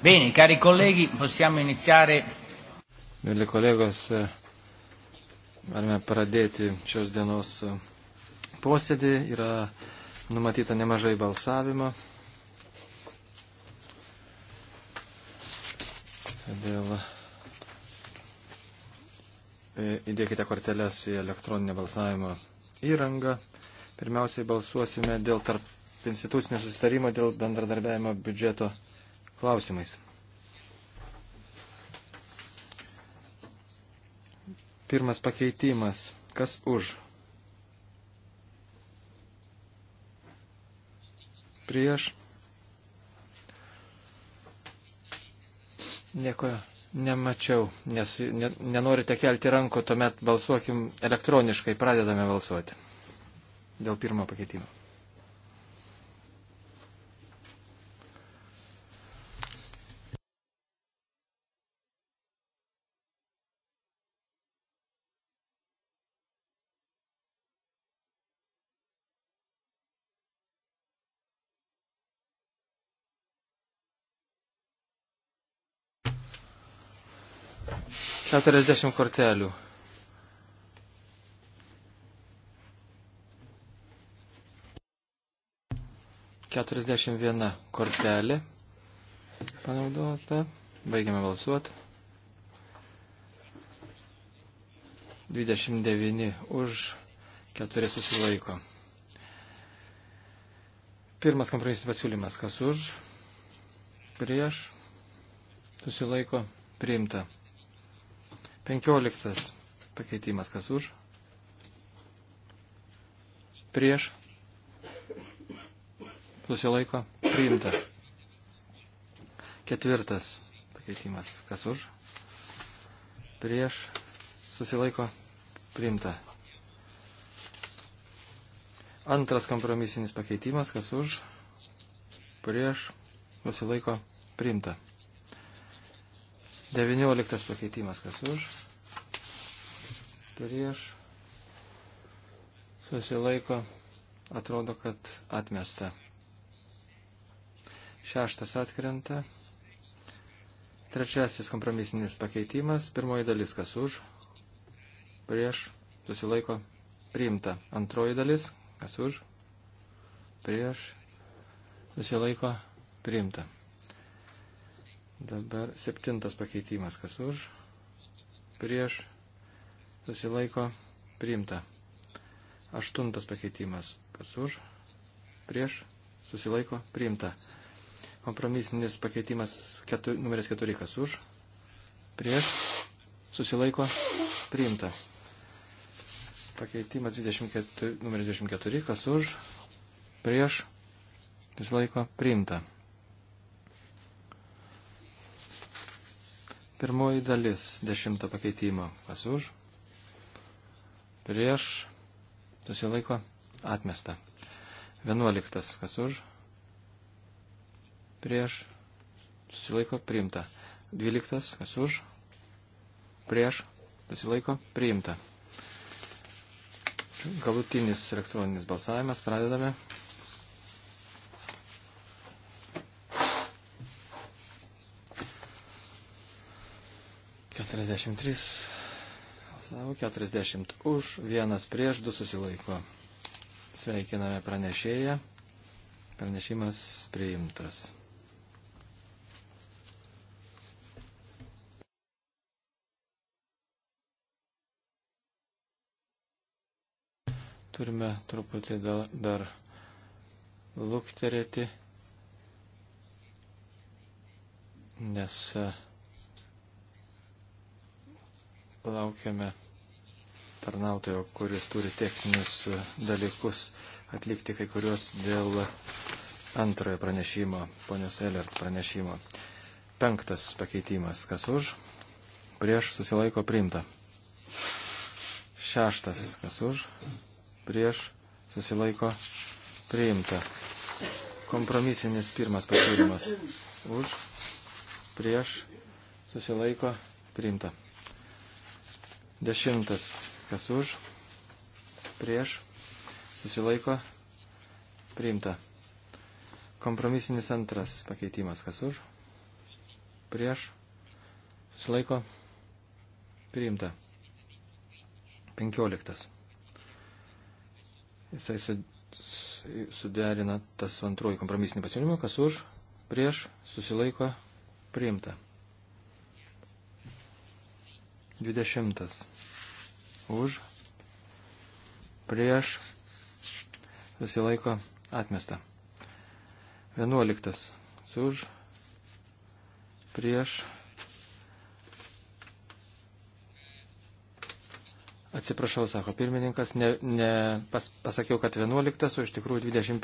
Bene, cari colleghi, possiamo iniziare. Mėly kolegos, eh, galime pradėti šios dienos eh, posėdį. Yra numatyta nemažai balsavimo. Todėl eh, įdėkite korteles į elektroninę balsavimo įrangą. Pirmiausiai balsuosime dėl tarp institucinio susitarimo dėl bendradarbiavimo biudžeto klausimais. Pirmas pakeitimas. Kas už? Prieš. Nieko nemačiau, nes nenorite kelti rankų, tuomet balsuokim elektroniškai, pradedame balsuoti. Dėl pirmo pakeitimo. 40 kortelių. Keturiasdešimt viena kortelė panaudota. Baigiame balsuoti. 29 už 4 susilaiko. Pirmas kompromisinis pasiūlymas, kas už, prieš, susilaiko, priimta. Penkioliktas pakeitimas kas už. Prieš. Susilaiko. Priimta. Ketvirtas pakeitimas kas už. Prieš. Susilaiko. Priimta. Antras kompromisinis pakeitimas kas už. Prieš. Susilaiko. Priimta. 19 pakeitimas, kas už, prieš, susilaiko, atrodo, kad atmesta. Šeštas atkrenta. Trečiasis kompromisinis pakeitimas, pirmoji dalis, kas už, prieš, susilaiko, priimta. Antroji dalis, kas už, prieš, susilaiko, priimta. Dabar septintas pakeitimas, kas už, prieš, susilaiko, priimta. Aštuntas pakeitimas, kas už, prieš, susilaiko, priimta. Kompromisinis pakeitimas keturi, numeris keturi, kas už, prieš, susilaiko, priimta. Pakeitimas 24, numeris 24, kas už, prieš, susilaiko, priimta. Pirmoji dalis dešimto pakeitimo. Kas už? Prieš. Susilaiko. Atmesta. Vienuoliktas. Kas už? Prieš. Susilaiko. Priimta. Dvyliktas. Kas už? Prieš. Susilaiko. Priimta. Galutinis elektroninis balsavimas. Pradedame. 43 balsavo, 40 už, vienas prieš, du susilaiko. Sveikiname pranešėją. Pranešimas priimtas. Turime truputį dar, dar lukterėti, nes uh, laukiame tarnautojo, kuris turi techninius e, dalykus atlikti kai kuriuos dėl antrojo pranešimo, ponios Elert pranešimo. Penktas pakeitimas, kas už, prieš susilaiko priimta. Šeštas, kas už, prieš susilaiko priimta. Kompromisinis pirmas pasiūlymas už, prieš susilaiko priimta. Dešimtas. Kas už? Prieš. Susilaiko. Priimta. Kompromisinis antras pakeitimas. Kas už? Prieš. Susilaiko. Priimta. Penkioliktas. Jisai su, suderina tas antruoju kompromisinį pasiūlymą. Kas už? Prieš. Susilaiko. Priimta. 20. Už, prieš, susilaiko atmesta. 11. Už, prieš, atsiprašau, sako pirmininkas, ne, ne pas, pasakiau, kad 11, o iš tikrųjų 21.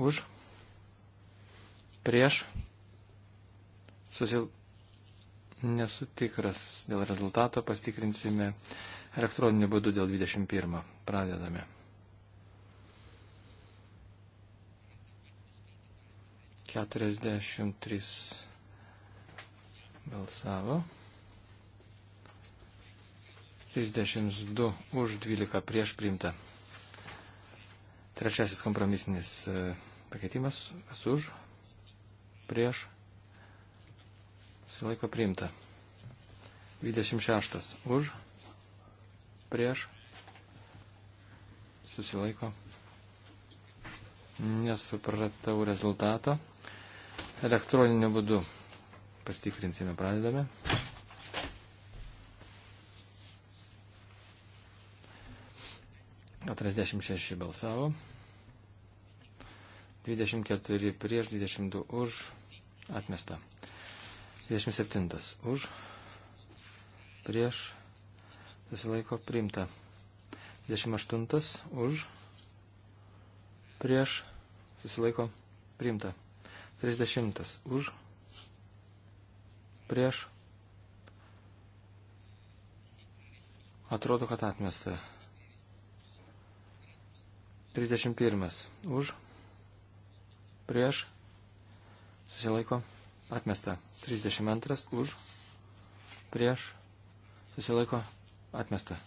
Už, prieš, prieš, Todėl nesu tikras dėl rezultato, pastikrinsime elektroniniu būdu dėl 21. Pradedame. Keturiasdešimt trys balsavo. 32 už 12 prieš priimta. Trečiasis kompromisinis e, pakeitimas. Esu už. Prieš Susilaiko priimta. 26. Už. Prieš. Susilaiko. Nesupratau rezultato. Elektroniniu būdu pastikrinsime, pradedame. O 36 balsavo. 24 prieš, 22 už. Atmesta. 27. Už. Prieš. Susilaiko priimta. 28. Už. Prieš. Susilaiko priimta. 30. Už. Prieš. Atrodo, kad atmesta. 31. Už. Prieš. Susilaiko priimta atmesta. 32 už, prieš, susilaiko, atmesta.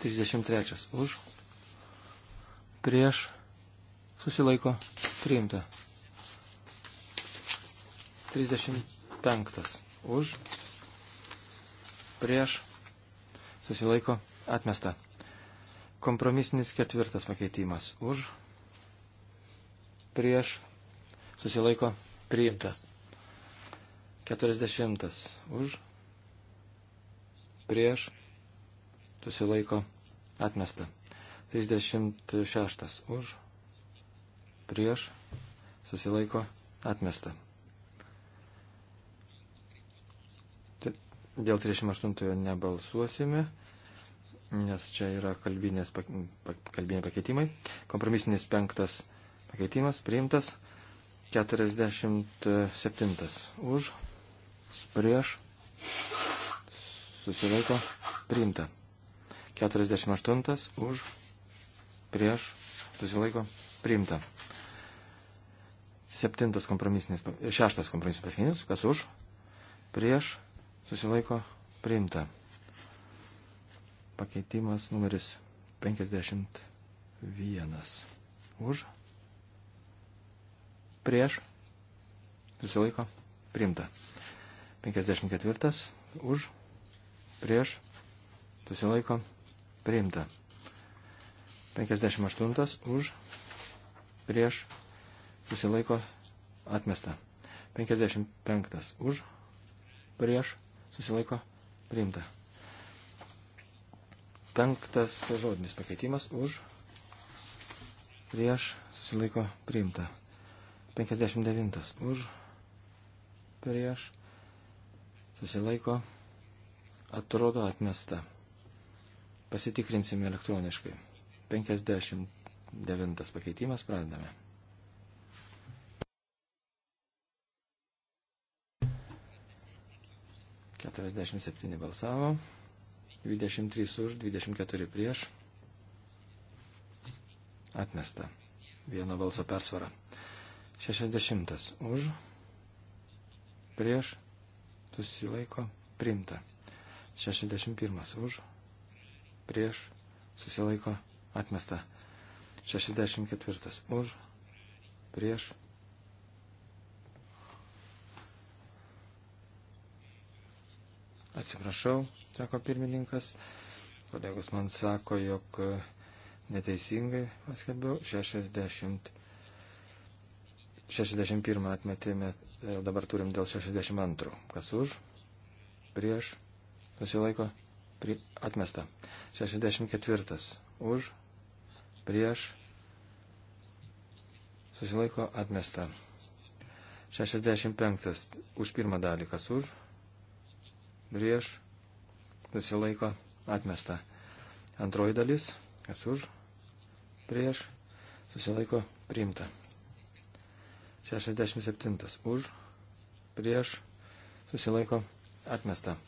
33 už, prieš, susilaiko, priimta. 35 už, prieš, susilaiko, atmesta. Kompromisinis ketvirtas pakeitimas už, prieš prieš susilaiko priimta. 40 už prieš susilaiko atmesta. 36 už prieš susilaiko atmesta. Dėl 38 nebalsuosime, nes čia yra kalbinės, kalbiniai pakeitimai. Kompromisinis penktas Pakeitimas priimtas 47 už, prieš, susilaiko, priimta. 48 už, prieš, susilaiko, priimta. Septintas kompromisinis, šeštas kompromisinis paskutinis, kas už, prieš, susilaiko, priimta. Pakeitimas numeris 51. Už prieš, susilaiko, priimta. 54 už, prieš, susilaiko, priimta. 58 už, prieš, susilaiko, atmesta. 55 už, prieš, susilaiko, priimta. Penktas žodinis pakeitimas už, prieš, susilaiko, priimta. 59 už, prieš, susilaiko, atrodo atmesta. Pasitikrinsime elektroniškai. 59 pakeitimas pradame. Keturiasdešimt septyni balsavo, dvidešimt trys už, dvidešimt keturi prieš, atmesta, vieno balso persvara. 60 už, prieš, susilaiko, priimta. 61 už, prieš, susilaiko, atmesta. 64 už, prieš. Atsiprašau, sako pirmininkas. Kolegos man sako, jog e, neteisingai paskelbiau 60 61 atmetėme, dabar turim dėl 62. Kas už? Prieš? Susilaiko? Pri, atmesta. 64. Už? Prieš? Susilaiko? Atmesta. 65. Už pirmą dalį. Kas už? Prieš? Susilaiko? Atmesta. Antroji dalis. Kas už? Prieš? Susilaiko? Priimta. 67 už, prieš, susilaiko, atmesta.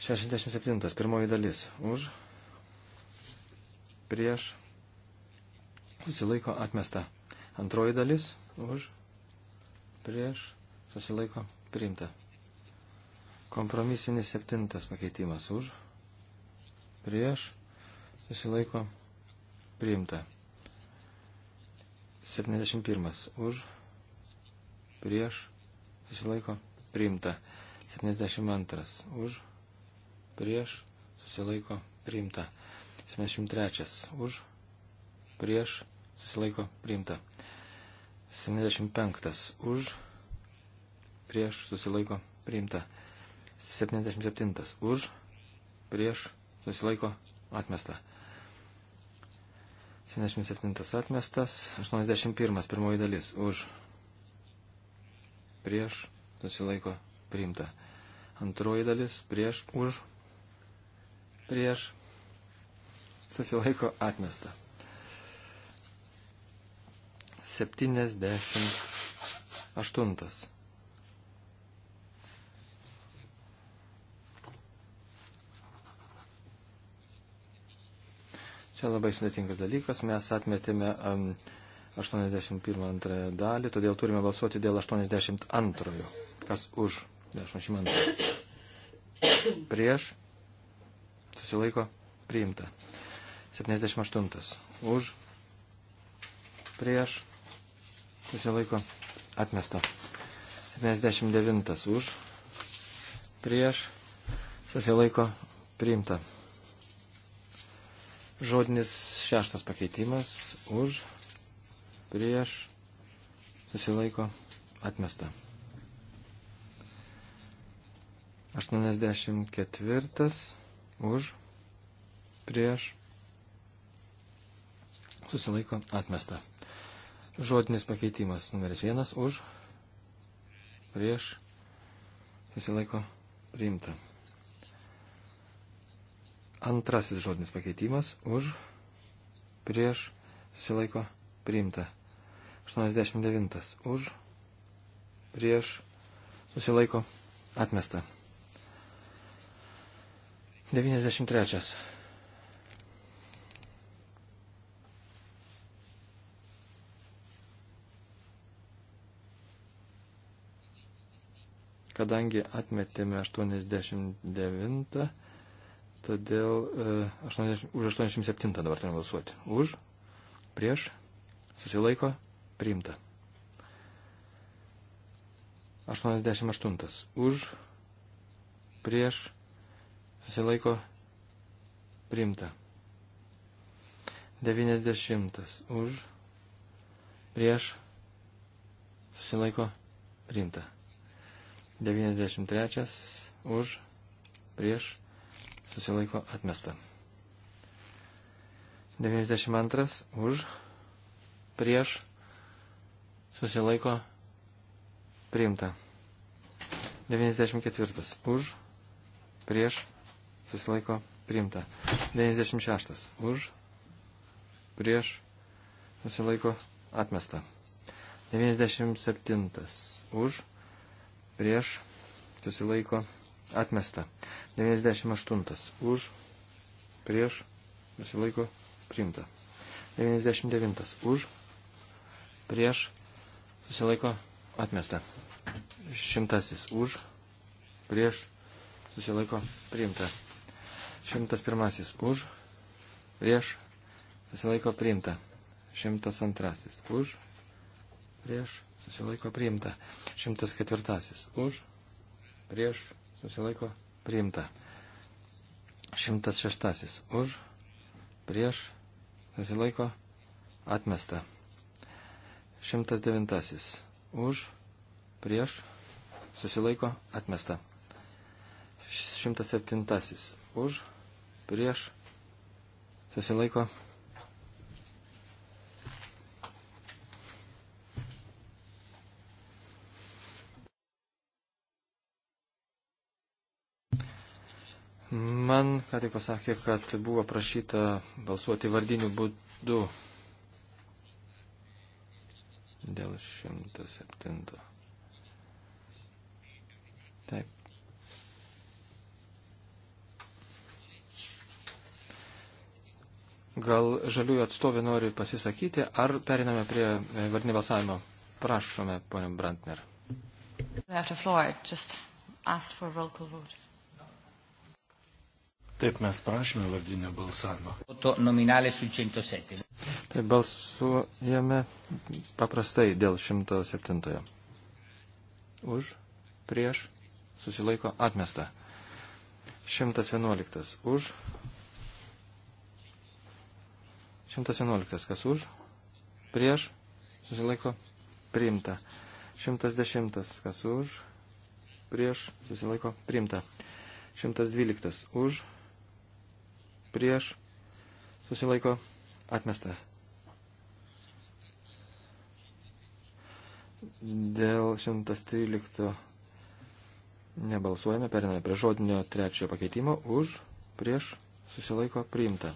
67 pirmoji dalis už, prieš, susilaiko, atmesta. Antroji dalis už, prieš, susilaiko, priimta. Kompromisinis septintas pakeitimas už, prieš, susilaiko, priimta. 71 už, prieš, susilaiko, priimta. 72 už, prieš, susilaiko, priimta. 73 už, prieš, susilaiko, priimta. 75 už, prieš, susilaiko, priimta. 77 už, prieš, susilaiko, atmesta. 77 atmestas, 81 pirmoji dalis už prieš susilaiko priimta. Antroji dalis prieš už prieš susilaiko atmesta. 78 Čia labai sudėtingas dalykas. Mes atmetėme um, 81 dalį, todėl turime balsuoti dėl 82. Kas už 82? Prieš. Susilaiko. Priimta. 78. Už. Prieš. Susilaiko. Atmesta. 79. Už. Prieš. Susilaiko. Priimta. Žodinis šeštas pakeitimas už, prieš, susilaiko, atmesta. 84 už, prieš, susilaiko, atmesta. Žodinis pakeitimas numeris vienas už, prieš, susilaiko, priimta. Antrasis žodinis pakeitimas už prieš susilaiko priimta. 89 už prieš susilaiko atmesta. 93. Kadangi atmetėme 89, Todėl 80, e, už 87 dabar turime balsuoti. Už, prieš, susilaiko, priimta. 88. Už, prieš, susilaiko, priimta. 90. Už, prieš, susilaiko, priimta. 93. Už, prieš, susilaiko atmesta. 92 už, prieš, susilaiko priimta. 94 už, prieš, susilaiko priimta. 96 už, prieš, susilaiko atmesta. 97 už, prieš, susilaiko atmesta Atmesta. 98. Už. Prieš. Susilaiko. Priimta. 99. Už. Prieš. Susilaiko. Atmesta. Šimtasis. Už. Prieš. Susilaiko. Priimta. Šimtas pirmasis. Už. Prieš. Susilaiko. Priimta. Šimtas antrasis. Už. Prieš. Susilaiko. Priimta. Šimtas ketvirtasis. Už. Prieš susilaiko priimta. 106 už, prieš, susilaiko atmesta. 109 už, prieš, susilaiko atmesta. 107 už, prieš, susilaiko atmesta. ką tik pasakė, kad buvo prašyta balsuoti vardiniu būdu dėl 107. Taip. Gal žaliųjų atstovė nori pasisakyti, ar periname prie e, vardinio balsavimo? Prašome, poniam Brantner. We have the floor. Just asked for a roll call vote. Taip mes prašome vardinio balsavimo. To nominalė su 107. Tai balsuojame paprastai dėl 107. Už, prieš, susilaiko, atmesta. 111. Už. 111. Kas už, prieš, susilaiko, priimta. 110. Kas už, prieš, susilaiko, priimta. 112. Už prieš, susilaiko, atmesta. Dėl 113 nebalsuojame, periname prie žodinio trečiojo pakeitimo, už, prieš, susilaiko, priimta.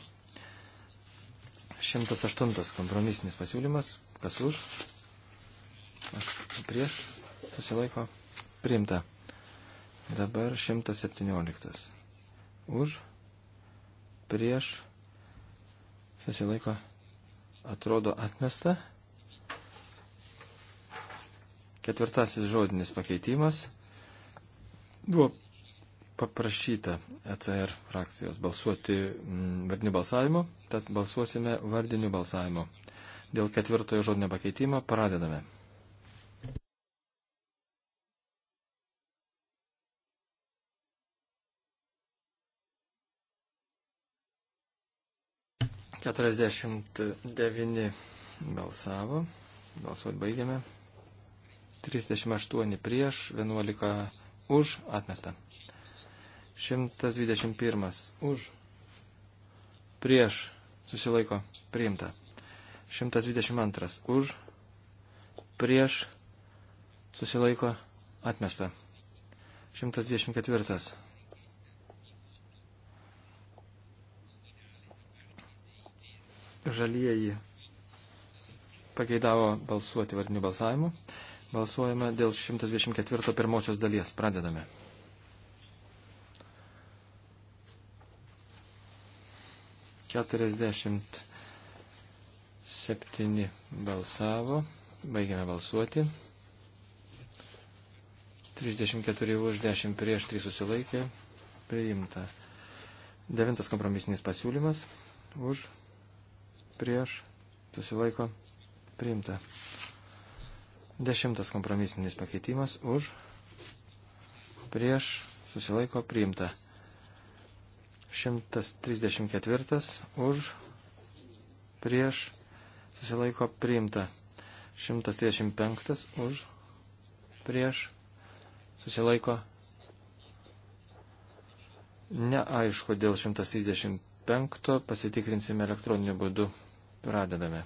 108 kompromisinis pasiūlymas, kas už, aš prieš, susilaiko, priimta. Dabar 117. Už, prieš, susilaiko, atrodo atmesta. Ketvirtasis žodinis pakeitimas buvo paprašyta ECR frakcijos balsuoti mm, vardiniu balsavimu, tad balsuosime vardiniu balsavimu. Dėl ketvirtojo žodinio pakeitimo pradedame. 49 balsavo. Balsuot baigiame. 38 prieš, 11 už, atmesta. 121 už, prieš, susilaiko, priimta. 122 už, prieš, susilaiko, atmesta. 124 Žalieji pageidavo balsuoti vardiniu balsavimu. Balsuojame dėl 124 pirmosios dalies. Pradedame. Keturiasdešimt septyni balsavo. Baigiame balsuoti. 34 už 10 prieš 3 susilaikė. Priimta. Devintas kompromisinis pasiūlymas. Už prieš, susilaiko, priimta. Dešimtas kompromisinis pakeitimas už, prieš, susilaiko, priimta. 134 už, prieš, susilaiko, priimta. 135 už, prieš, susilaiko, neaišku dėl 135 pasitikrinsime elektroniniu būdu. Pradedame.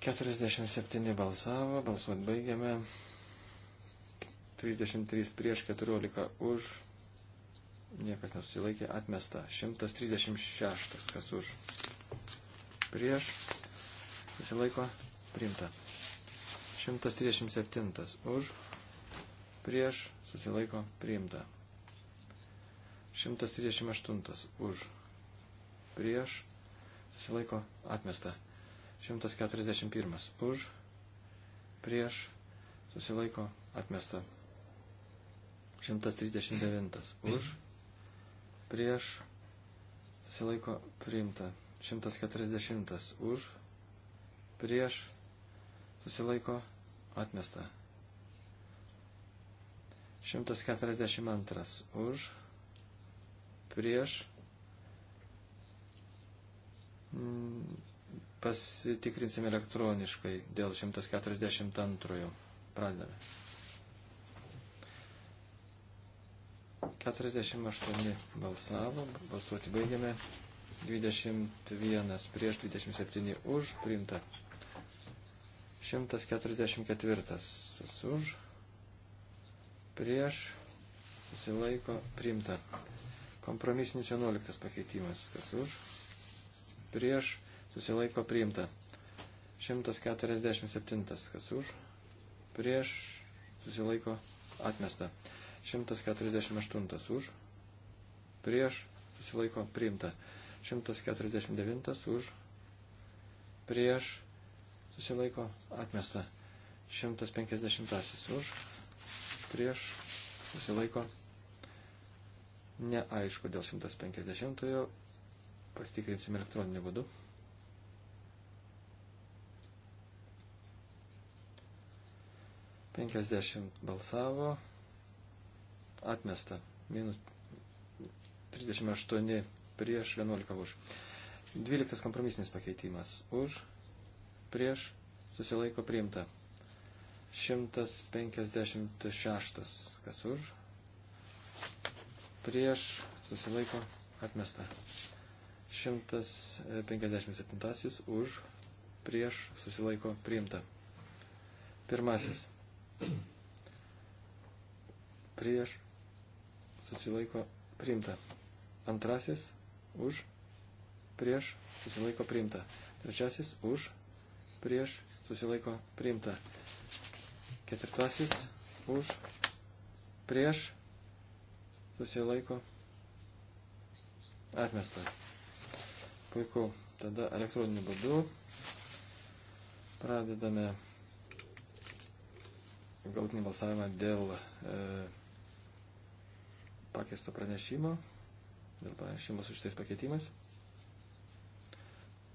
47 balsavo, balsuot baigiame. 33 prieš 14 už. Niekas nesusilaikė, atmesta. 136, kas už. Prieš. Susilaiko, priimta. 137 už. Prieš. Susilaiko, priimta. 138 už prieš, susilaiko atmesta. 141 už, prieš, susilaiko atmesta. 139 už, prieš, susilaiko priimta. 140 už, prieš, susilaiko atmesta. 142 už, prieš, Pasitikrinsim elektroniškai dėl 142. Pradedame. 48 balsavo, balsuoti baigiame. 21 prieš 27 už priimta. 144 už prieš susilaiko priimta. Kompromisinis 11 pakeitimas, kas už prieš, susilaiko priimta. 147, kas už, prieš, susilaiko atmesta. 148 už, prieš, susilaiko priimta. 149 už, prieš, susilaiko atmesta. 150 už, prieš, susilaiko neaišku dėl 150 Pastikrinsim elektroniniu būdu. Penkiasdešimt balsavo. Atmesta. Minus 38 prieš 11 už. 12 kompromisinis pakeitimas. Už, prieš, susilaiko priimta. 156. Kas už? Prieš, susilaiko atmesta. 157 už prieš susilaiko priimta. Pirmasis. Prieš susilaiko priimta. Antrasis už prieš susilaiko priimta. Trečiasis už prieš susilaiko priimta. Ketvirtasis už prieš susilaiko priimta atmestas. Puiku. Tada elektroniniu būdu pradedame galtinį balsavimą dėl e, pakeisto pranešimo, dėl pranešimo su šitais pakeitimais.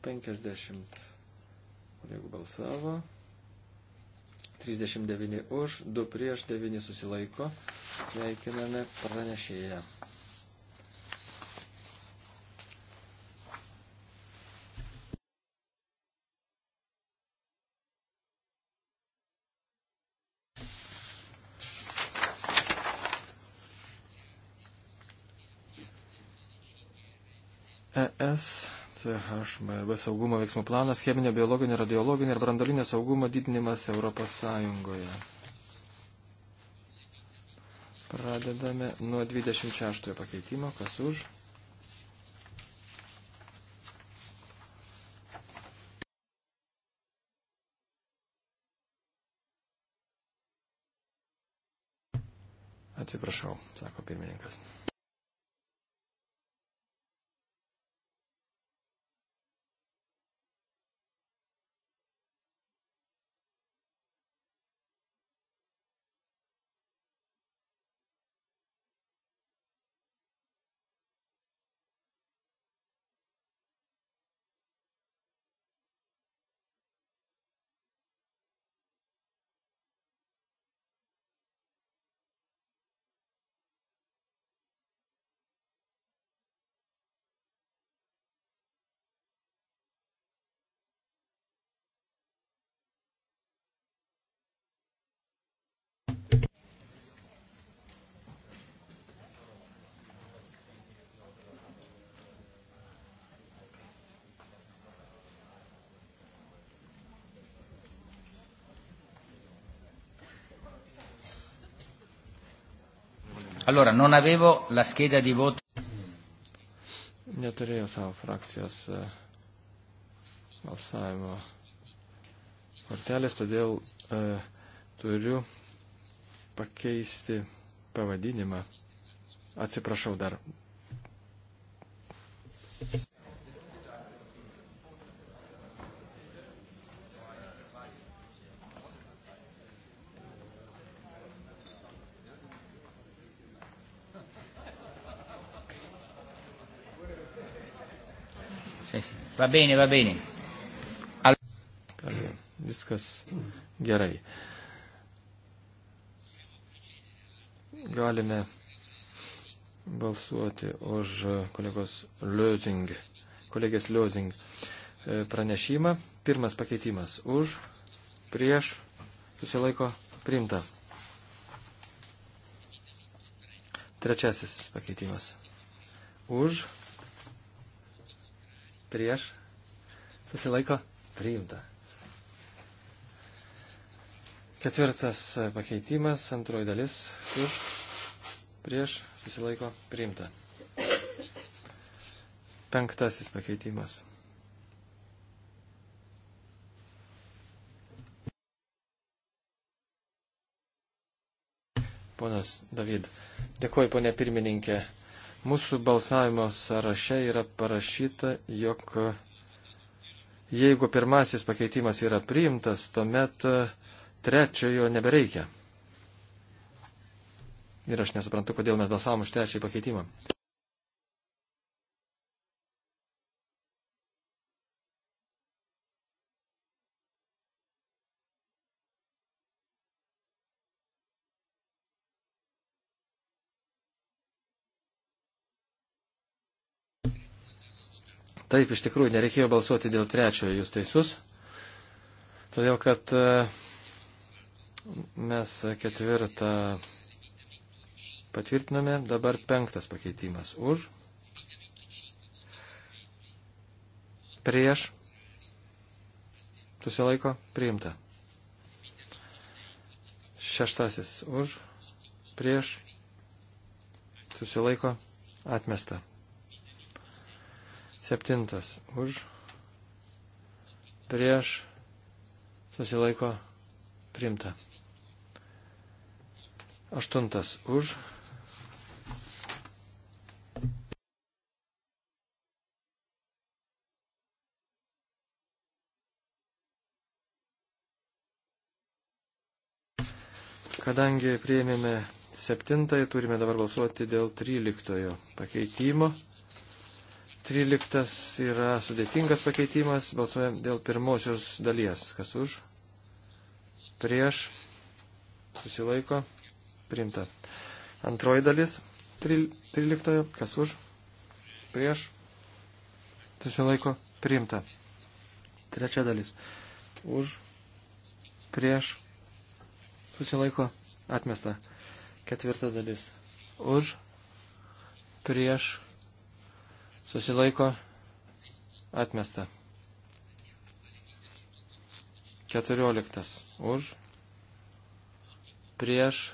50 kolegų balsavo, 39 už, 2 prieš, 9 susilaiko. Sveikiname pranešėją. ES CHMRB saugumo veiksmų planas, cheminė, biologinė, radiologinė ir brandolinė saugumo didinimas Europos Sąjungoje. Pradedame nuo 26 pakeitimo, kas už. Atsiprašau, sako pirmininkas. Allora, non avevo la scheda di voto. Neturėjau savo frakcijos eh, balsavimo kortelės, todėl e, turiu pakeisti pavadinimą. Atsiprašau dar, Sì, sì. Va bene, va bene. Al... Gerai, viskas gerai. Galime balsuoti už kolegos Lözing, kolegės Lözing e, pranešimą. Pirmas pakeitimas už, prieš, susilaiko priimta. Trečiasis pakeitimas už, prieš, susilaiko priimta. Ketvirtas pakeitimas, antroji dalis, už, prieš, susilaiko priimta. Penktasis pakeitimas. Ponas David, dėkuoju, ponė pirmininkė. Mūsų balsavimo sąraše yra parašyta, jog jeigu pirmasis pakeitimas yra priimtas, tuomet e, trečiojo nebereikia. Ir aš nesuprantu, kodėl mes balsavom už trečiąjį pakeitimą. Taip, iš tikrųjų, nereikėjo balsuoti dėl trečiojo, jūs teisus. Todėl, kad e, mes ketvirtą patvirtiname, dabar penktas pakeitimas už, prieš, susilaiko, priimta. Šeštasis už, prieš, susilaiko, atmesta. Septintas už, prieš, susilaiko primta. Aštuntas už. Kadangi prieimėme septintąjį, turime dabar balsuoti dėl tryliktojo pakeitimo. 13 yra sudėtingas pakeitimas, balsuojam dėl pirmosios dalies. Kas už? Prieš. Susilaiko. Primta. Antroji dalis. 13. Kas už? Prieš. Susilaiko. Primta. Trečia dalis. Už. Prieš. Susilaiko. Atmesta. Ketvirta dalis. Už. Prieš susilaiko, atmesta. 14 už, prieš,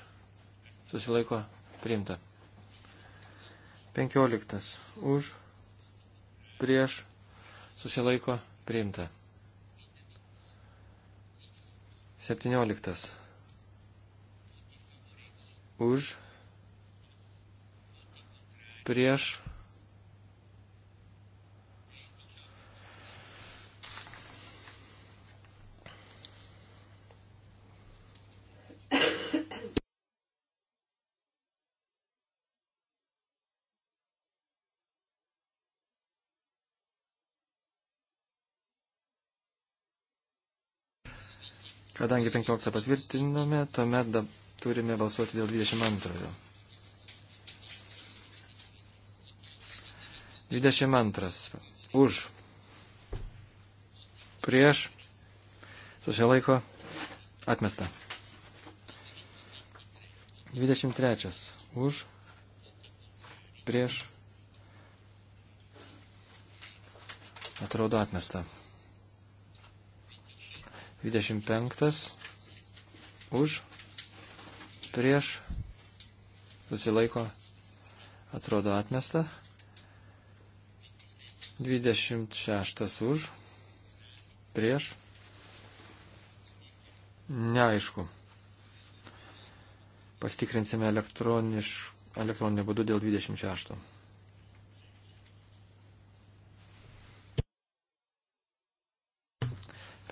susilaiko, priimta. 15 už, prieš, susilaiko, priimta. 17 už, prieš, Kadangi 15 patvirtinome, tuomet da, turime balsuoti dėl 22. 22. Už. Prieš. Susilaiko. Atmesta. 23. Už. Prieš. Atrodo atmesta. 25 už, prieš, susilaiko, atrodo atmesta. 26 už, prieš, neaišku. Pastikrinsime elektroninį būdų dėl 26.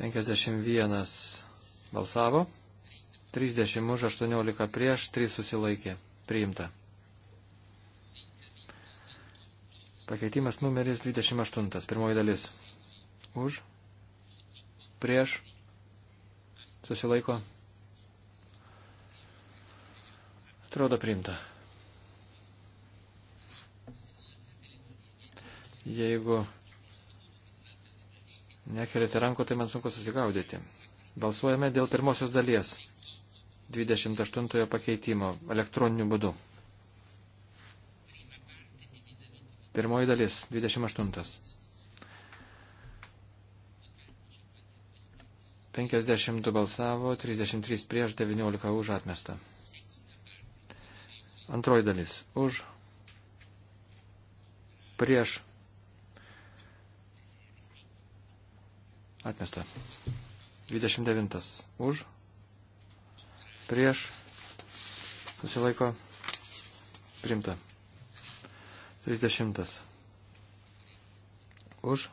51 balsavo, 30 už, 18 prieš, 3 susilaikė. Priimta. Pakeitimas numeris 28, pirmoji dalis. Už, prieš, susilaiko. Atrodo priimta. Jeigu nekeliate rankų, tai man sunku susigaudyti. Balsuojame dėl pirmosios dalies 28 pakeitimo elektroniniu būdu. Pirmoji dalis 28. 52 balsavo, 33 prieš, 19 už atmestą. Antroji dalis. Už. Prieš Atmesta. 29. Už. Prieš. Susilaiko. Primta. 30. Už.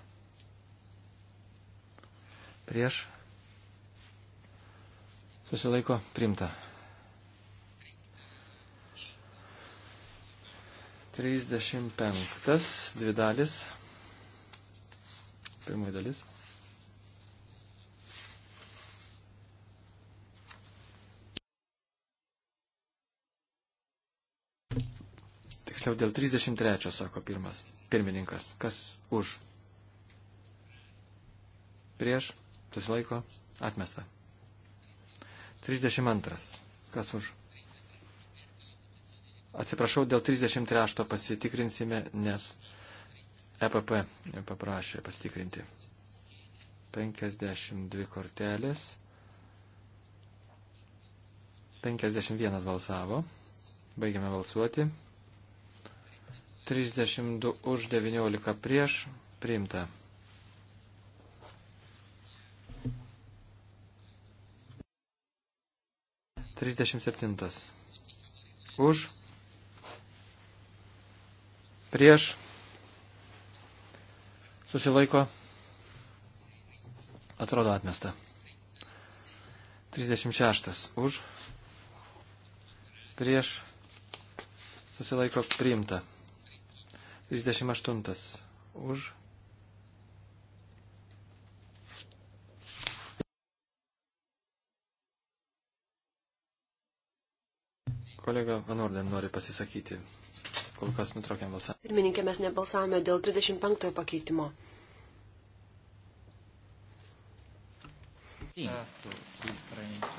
Prieš. Susilaiko. Primta. 35. Dvi dalis. Pirmoji dalis. tiksliau dėl 33, sako pirmas, pirmininkas. Kas už? Prieš, susilaiko, atmesta. 32. Kas už? Atsiprašau, dėl 33 pasitikrinsime, nes EPP paprašė pasitikrinti. 52 kortelės. 51 balsavo. Baigiame balsuoti. 32 už 19 prieš priimta. Trisdešimt septintas. Už. Prieš. Susilaiko. Atrodo atmesta. Trisdešimt šeštas. Už. Prieš. Susilaiko priimta. 38 už. Kolega Van Orden nori pasisakyti. Kol kas nutraukėm balsą. Pirmininkė, mes nebalsavome dėl 35 pakeitimo.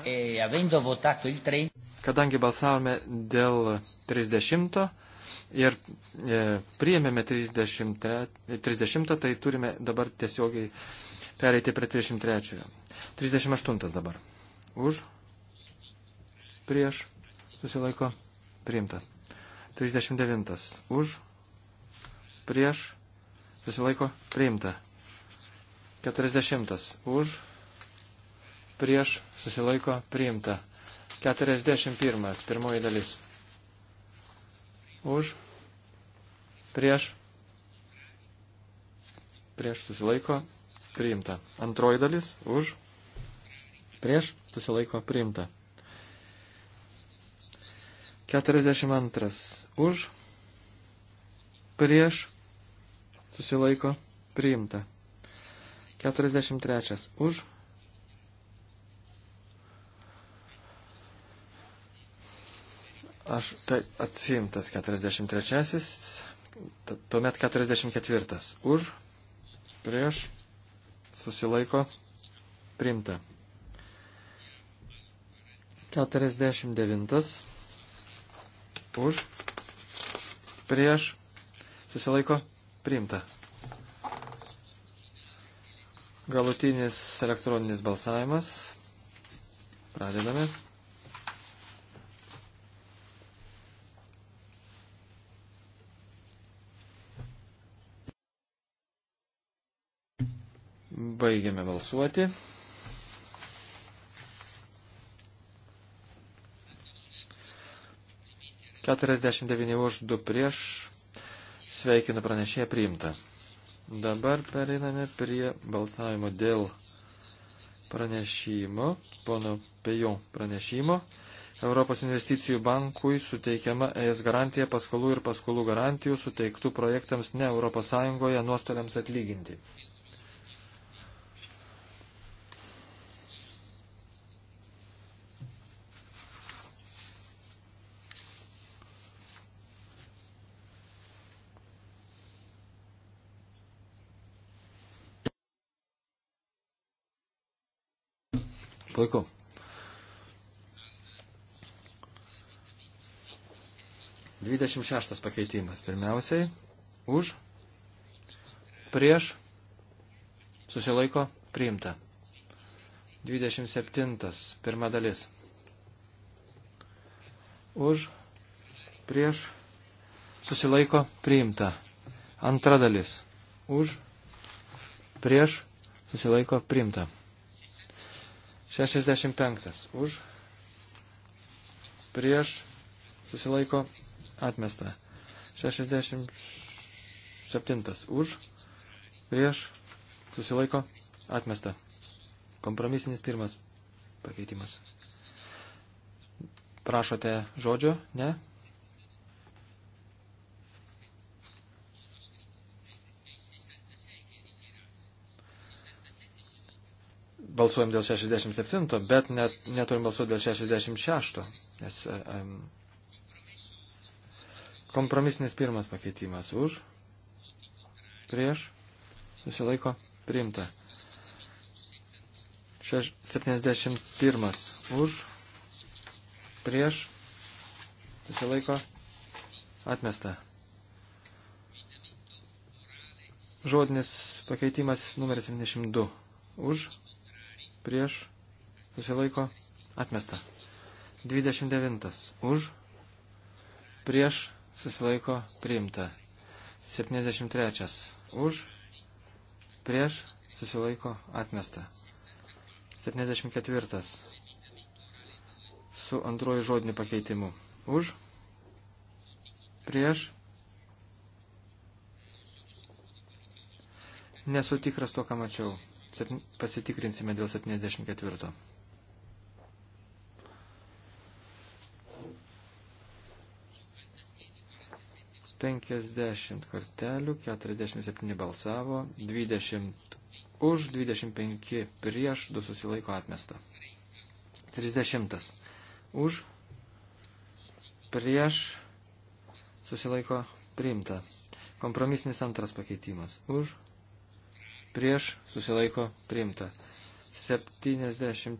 E Kadangi balsavome dėl 30, ir e, priėmėme 30, 30, tai turime dabar tiesiogiai pereiti prie 33. 38 dabar. Už, prieš, susilaiko, priimta. 39. Už, prieš, susilaiko, priimta. 40. Už, prieš, susilaiko, priimta. 41. Pirmoji dalis už, prieš, prieš susilaiko priimta. Antroji dalis už, prieš susilaiko priimta. 42 už, prieš susilaiko priimta. 43 už, Aš tai atsimtas 43. Tuomet 44. Už, prieš, susilaiko, primta. 49. Už, prieš, susilaiko, primta. Galutinis elektroninis balsavimas. Pradedame. Baigiame balsuoti. Keturiasdešimt devyni už du prieš. Sveikinu pranešėją priimta. Dabar pereiname prie balsavimo dėl pranešimo, pono Pejo pranešimo. Europos investicijų bankui suteikiama ES garantija paskolų ir paskolų garantijų suteiktų projektams ne ES nuostoliams atlyginti. laiku. Dvidešimt šeštas pakeitimas. Pirmiausiai už, prieš, susilaiko, priimta. 27. Pirma dalis. Už, prieš, susilaiko, priimta. Antra dalis. Už, prieš, susilaiko, priimta. 65 už, prieš, susilaiko, atmesta. 67 už, prieš, susilaiko, atmesta. Kompromisinis pirmas pakeitimas. Prašote žodžio? Ne? balsuojam dėl 67, bet net, neturim balsuoti dėl 66, nes um, kompromisinis pirmas pakeitimas už, prieš, susilaiko, priimta. Šeš, 71 už, prieš, susilaiko, atmesta. Žodinis pakeitimas numeris 72 už prieš, susilaiko, atmesta. 29. Už, prieš, susilaiko, priimta. 73. Už, prieš, susilaiko, atmesta. 74. Su antruoju žodiniu pakeitimu. Už, prieš, nesu tikras to, ką mačiau. Pasitikrinsime dėl 74. Penkiasdešimt kortelių, 47 balsavo, 20 už, 25 prieš, 2 susilaiko atmesta. 30 už, prieš, susilaiko priimta. Kompromisinis antras pakeitimas. Už, prieš susilaiko priimta. 76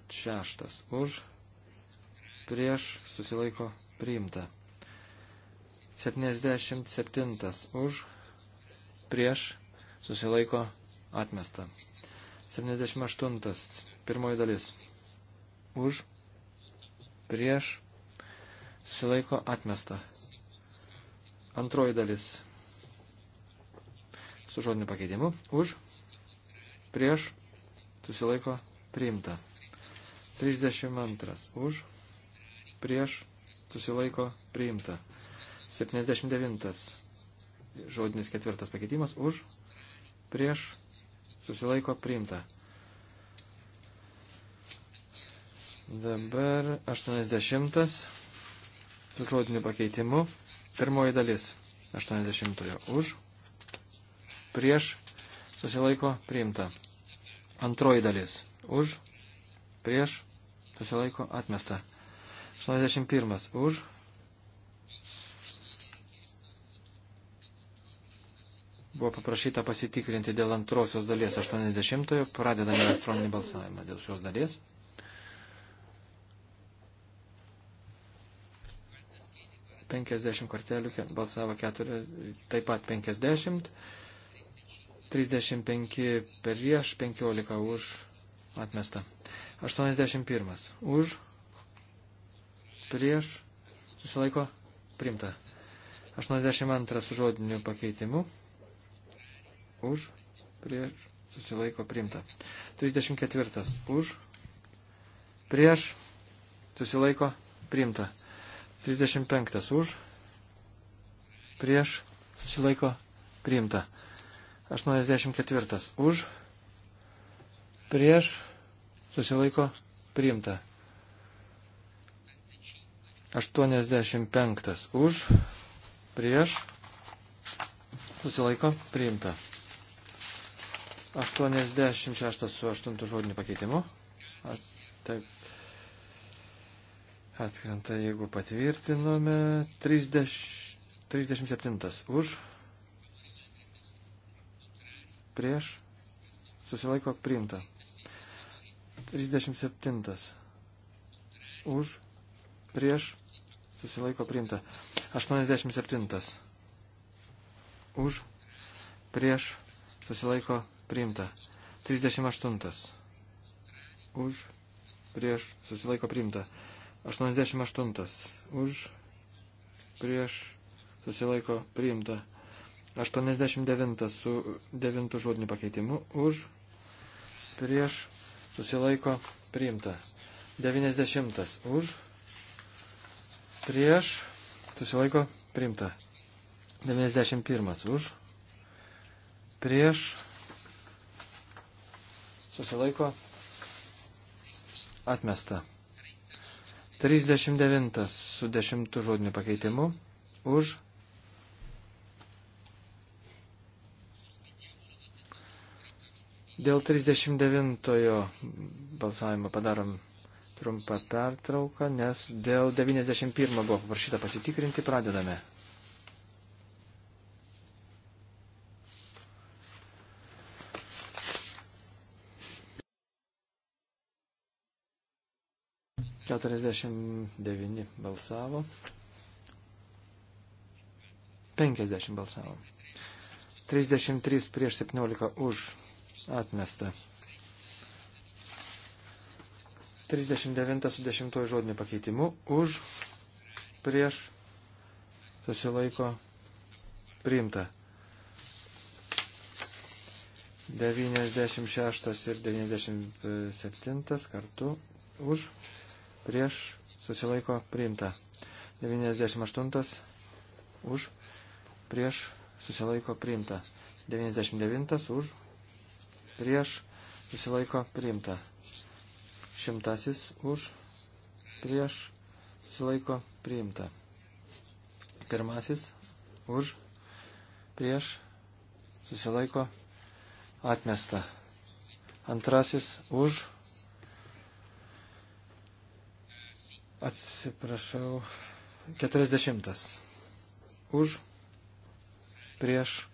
už prieš susilaiko priimta. 77 už prieš susilaiko atmesta. 78 pirmoji dalis už prieš susilaiko atmesta. Antroji dalis su žodiniu pakeitimu už prieš, susilaiko priimta. 32 už, prieš, susilaiko priimta. 79 žodinis ketvirtas pakeitimas už, prieš, susilaiko priimta. Dabar 80 su žodiniu pakeitimu. Pirmoji dalis 80 už, prieš, susilaiko priimta. Antroji dalis už, prieš, susilaiko atmesta. 81 už. Buvo paprašyta pasitikrinti dėl antrosios dalies 80-ojo. Pradedame elektroninį balsavimą dėl šios dalies. Penkiasdešimt kortelių balsavo keturi, taip pat penkiasdešimt. 50 35 prieš, 15 už atmesta. 81 už, prieš, susilaiko, primta. 82 su žodiniu pakeitimu, už, prieš, susilaiko, primta. 34 už, prieš, susilaiko, primta. 35 už, prieš, susilaiko, primta. 84 už, prieš, susilaiko, priimta. 85 už, prieš, susilaiko, priimta. 86 su 8 žodiniu pakeitimu. At, taip. Atkrenta, jeigu patvirtinome, 30, 37 už, prieš, susilaiko priimta. 37 už, prieš, susilaiko priimta. 87 už, prieš, susilaiko priimta. 38 už, prieš, susilaiko priimta. 88 už, prieš, susilaiko priimta. 89 su 9 žodiniu pakeitimu už, prieš, susilaiko, priimta. 90 už, prieš, susilaiko, priimta. 91 už, prieš, susilaiko, atmesta. 39 su 10 žodiniu pakeitimu už, prieš Dėl 39-ojo balsavimo padarom trumpą pertrauką, nes dėl 91 buvo paprašyta pasitikrinti, pradedame. Keturiasdešimt devyni balsavo. Penkiasdešimt balsavo. Trisdešimt trys prieš septyniolika už. Atmesta. 39 su 10 žodiniu pakeitimu. Už, prieš, susilaiko, priimta. 96 ir 97 kartu. Už, prieš, susilaiko, priimta. 98 už, prieš, susilaiko, priimta. 99 už, prieš, susilaiko priimta. Šimtasis už, prieš, susilaiko priimta. Pirmasis už, prieš, susilaiko atmesta. Antrasis už, atsiprašau, keturiasdešimtas už, prieš,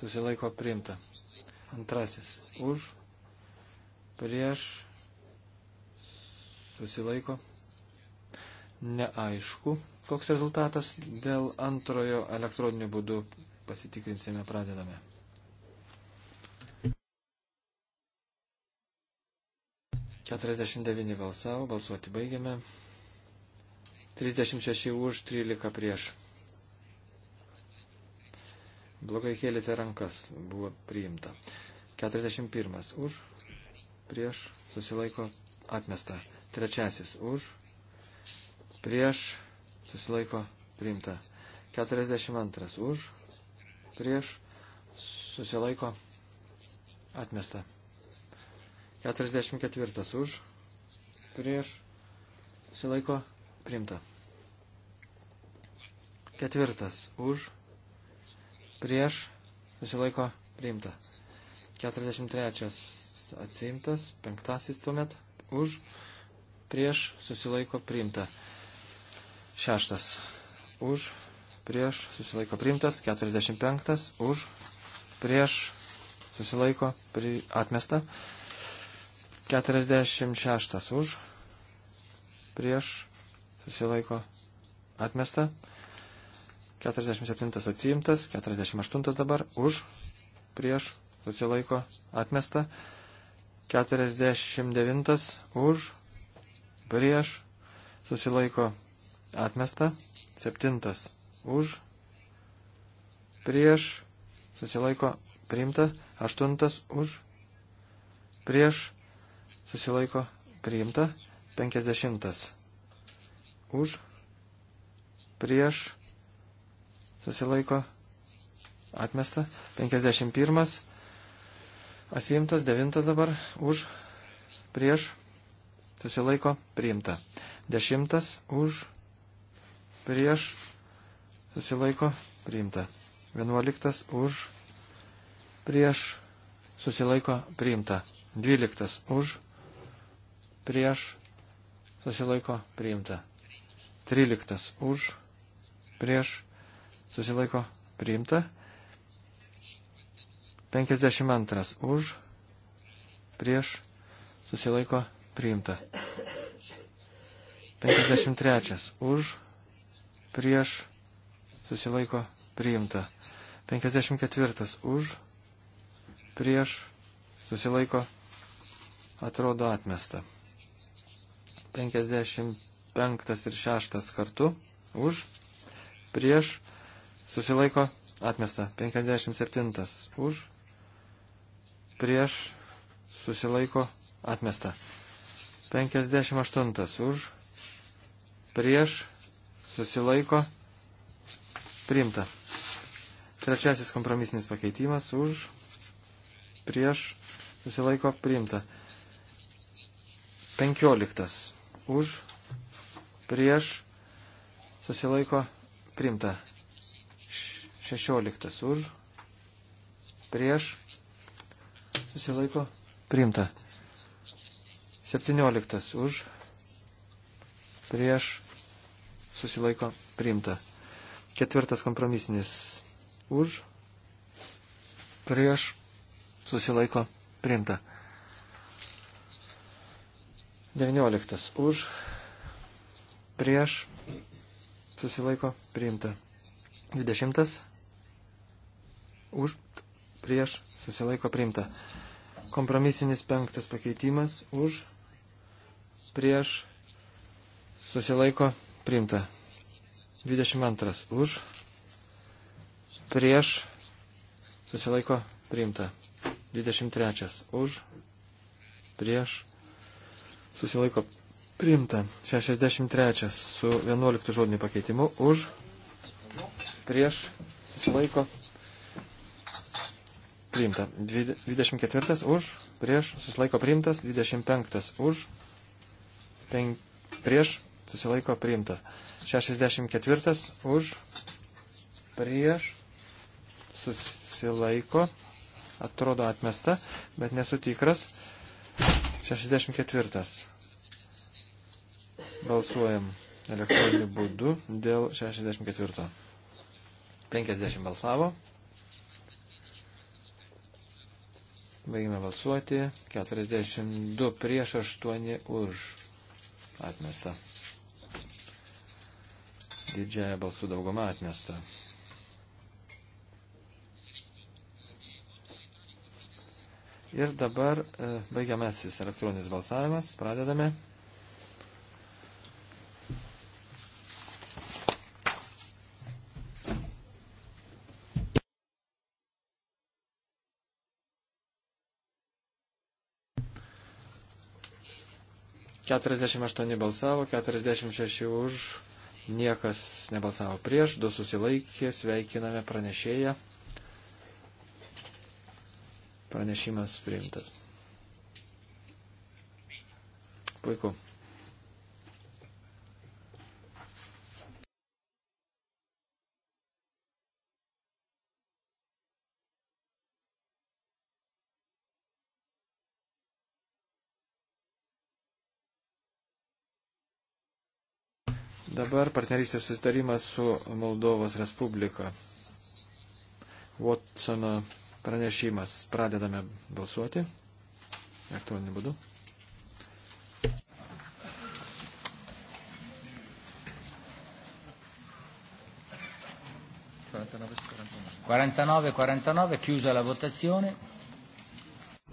susilaiko priimta. Antrasis už, prieš, susilaiko. Neaišku, koks rezultatas dėl antrojo elektroninių būdų pasitikrinsime, pradedame. Keturiasdešimt devyni balsavo, balsuoti baigiame. Trisdešimt šeši už, trylika prieš. Blogai kėlėte rankas, buvo priimta. 41. Už, prieš, susilaiko, atmesta. Trečiasis. Už, prieš, susilaiko, priimta. 42. Už, prieš, susilaiko, atmesta. 44. Už, prieš, susilaiko, priimta. Ketvirtas. Už, prieš prieš, susilaiko priimta. 43 atsimtas, penktasis tuomet už, prieš, susilaiko priimta. Šeštas už, prieš, susilaiko priimtas, 45 už, prieš, susilaiko pri, atmesta, 46 už, prieš, susilaiko atmesta. 47 atsiimtas, 48 dabar už, prieš, susilaiko, atmesta, 49 už, prieš, susilaiko, atmesta, 7 už, prieš, susilaiko, priimta, 8 už, prieš, susilaiko, priimta, 50 už, prieš, susilaiko, atmesta, 51, atsimtas, 9 dabar, už, prieš, susilaiko, priimta, 10 už, prieš, susilaiko, priimta, 11 už, prieš, susilaiko, priimta, 12 už, prieš, susilaiko, priimta, 13 už, prieš, susilaiko priimta. 52 už, prieš, susilaiko priimta. 53 už, prieš, susilaiko priimta. 54 už, prieš, susilaiko, atrodo atmesta. 55 ir 6 kartu už, prieš, susilaiko, atmesta. 57 už, prieš, susilaiko, atmesta. 58 už, prieš, susilaiko, priimta. Trečiasis kompromisinis pakeitimas už, prieš, susilaiko, priimta. 15 už, prieš, susilaiko, priimta. 16 už, prieš, susilaiko, priimta. 17 už, prieš, susilaiko, priimta. Ketvirtas kompromisinis už, prieš, susilaiko, priimta. 19 už, prieš, susilaiko, priimta. 20 už, prieš, susilaiko priimta. Kompromisinis penktas pakeitimas už, prieš, susilaiko priimta. 22 už, prieš, susilaiko priimta. 23 už, prieš, susilaiko priimta. 63 su 11 žodiniu pakeitimu už, prieš, susilaiko priimta priimta. 24 už, prieš, susilaiko priimtas. 25 už, penk, prieš, susilaiko priimta. 64 už, prieš, susilaiko, atrodo atmesta, bet nesu tikras. 64. Balsuojam elektroniniu būdu dėl 64. 50 balsavo. Baigime balsuoti. 42 prieš 8 už. Atmesta. Didžiaja balsų dauguma atmesta. Ir dabar e, baigiamasis elektroninis balsavimas. Pradedame. 48 balsavo, 46 už, niekas nebalsavo prieš, du susilaikė, sveikiname pranešėją. Pranešimas priimtas. Puiku. Dabar partnerystės susitarimas su Moldovos Respublika. Watsono pranešimas. Pradedame balsuoti elektroniniu būdu.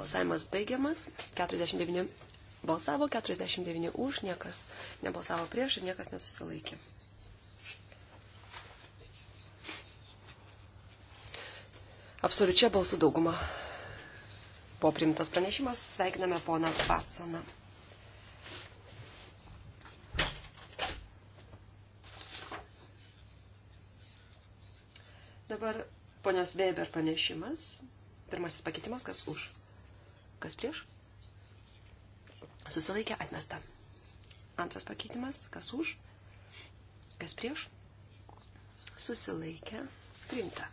Balsavimas baigiamas. 49 balsavo 49 už, niekas nebalsavo prieš ir niekas nesusilaikė. Absoliučia balsų dauguma. Po primtas pranešimas sveikiname poną Patsoną. Dabar ponios Weber pranešimas. Pirmasis pakeitimas, kas už, kas prieš, Susilaikė atmesta. Antras pakeitimas. Kas už? Kas prieš? Susilaikė priimta.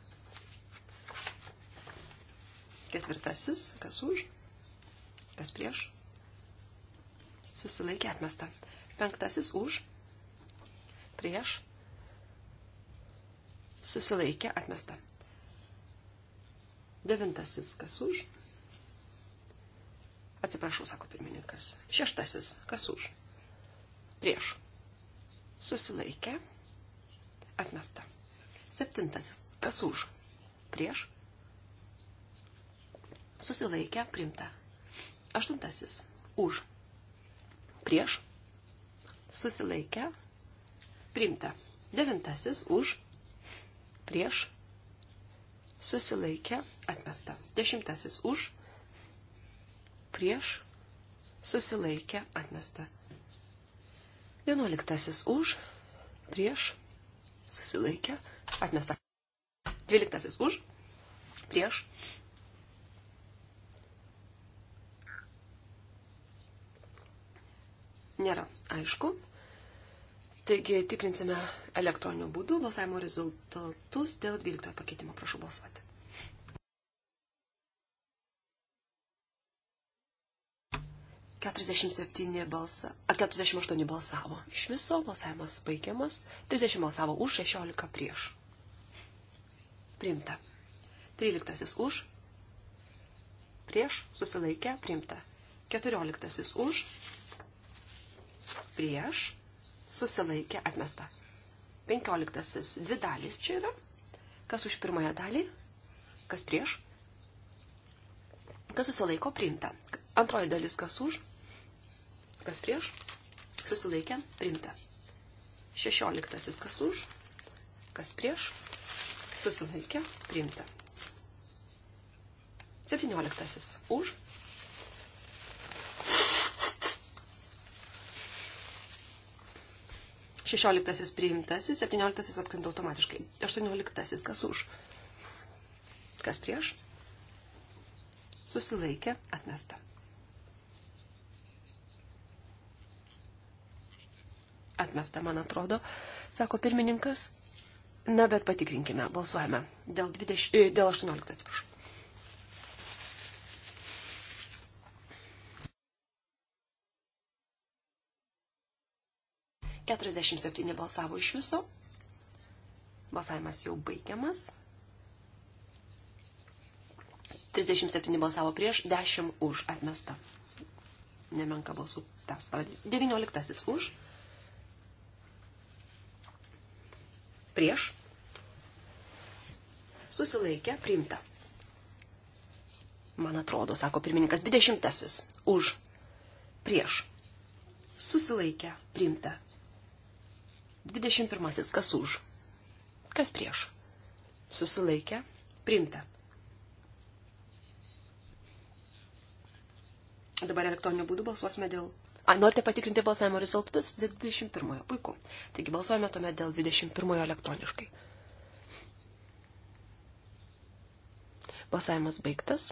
Ketvirtasis. Kas už? Kas prieš? Susilaikė atmesta. Penktasis už. Prieš. Susilaikė atmesta. Devintasis. Kas už? Atsiprašau, sako pirmininkas. Šeštasis. Kas už? Prieš. Susilaikė. Atmesta. Septintasis. Kas už? Prieš. Susilaikė. Primta. Aštuntasis. Už. Prieš. Susilaikė. Primta. Devintasis. Už. Prieš. Susilaikė. Atmesta. Dešimtasis. Už prieš, susilaikė, atmesta. Vienuoliktasis už, prieš, susilaikė, atmesta. Dvyliktasis už, prieš. Nėra aišku. Taigi tikrinsime elektroniniu būdu balsavimo rezultatus dėl 12 pakeitimo. Prašau balsuoti. 47 balsa, ar 48 balsavo. Iš viso balsavimas baigiamas. 30 balsavo už, 16 prieš. Primta. 13 už, prieš, susilaikę, primta. 14 už, prieš, susilaikę, atmesta. 15 dvi dalys čia yra. Kas už pirmąją dalį, kas prieš, kas susilaiko, primta. Antroji dalis, kas už, kas prieš, susilaikė, priimta. 16 kas už, kas prieš, susilaikė, priimta. 17 už. Šešioliktasis priimtasis, septynioliktasis atkrinta automatiškai. Aštuonioliktasis kas už. Kas prieš? Susilaikė, atmesta. Atmesta, man atrodo, sako pirmininkas. Na, bet patikrinkime, balsuojame. Dėl, 20, e, dėl 18, atsiprašau. Keturiasdešimt septyni balsavo iš viso. Balsavimas jau baigiamas. 37 balsavo prieš, 10 už atmesta. Nemenka balsų persvara. 19 už. prieš, susilaikė, priimta. Man atrodo, sako pirmininkas, dvidešimtasis, už, prieš, susilaikė, priimta. Dvidešimt pirmasis, kas už, kas prieš, susilaikė, priimta. Dabar elektroniniu būdu balsuosime dėl A, norite patikrinti balsavimo rezultatus dėl 21-ojo. Puiku. Taigi balsuojame tuomet dėl 21-ojo elektroniškai. Balsavimas baigtas.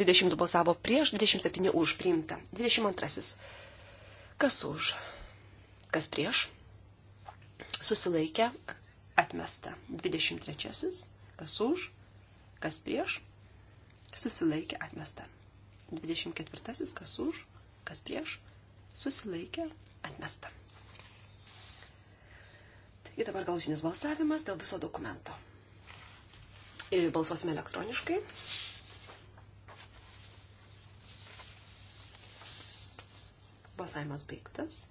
22 balsavo prieš, 27 už priimta. 22. Kas už? Kas prieš? Susilaikė, atmesta. 23. Kas už? Kas prieš? Susilaikė, atmesta. 24. Kas už, kas prieš, susilaikė, atmesta. Taigi dabar galutinis balsavimas dėl viso dokumento. Ir e, balsuosime elektroniškai. Balsavimas baigtas.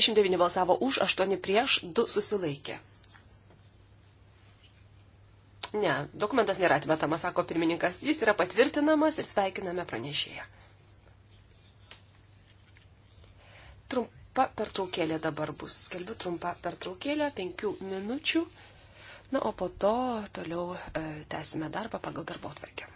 39 balsavo už, 8 prieš, 2 susilaikė. Ne, dokumentas nėra atmetamas, sako pirmininkas. Jis yra patvirtinamas ir sveikiname pranešėją. Trumpa pertraukėlė dabar bus. Skelbiu trumpa pertraukėlė, penkių minučių. Na, o po to toliau e, tęsime darbą pagal darbo tvarkę.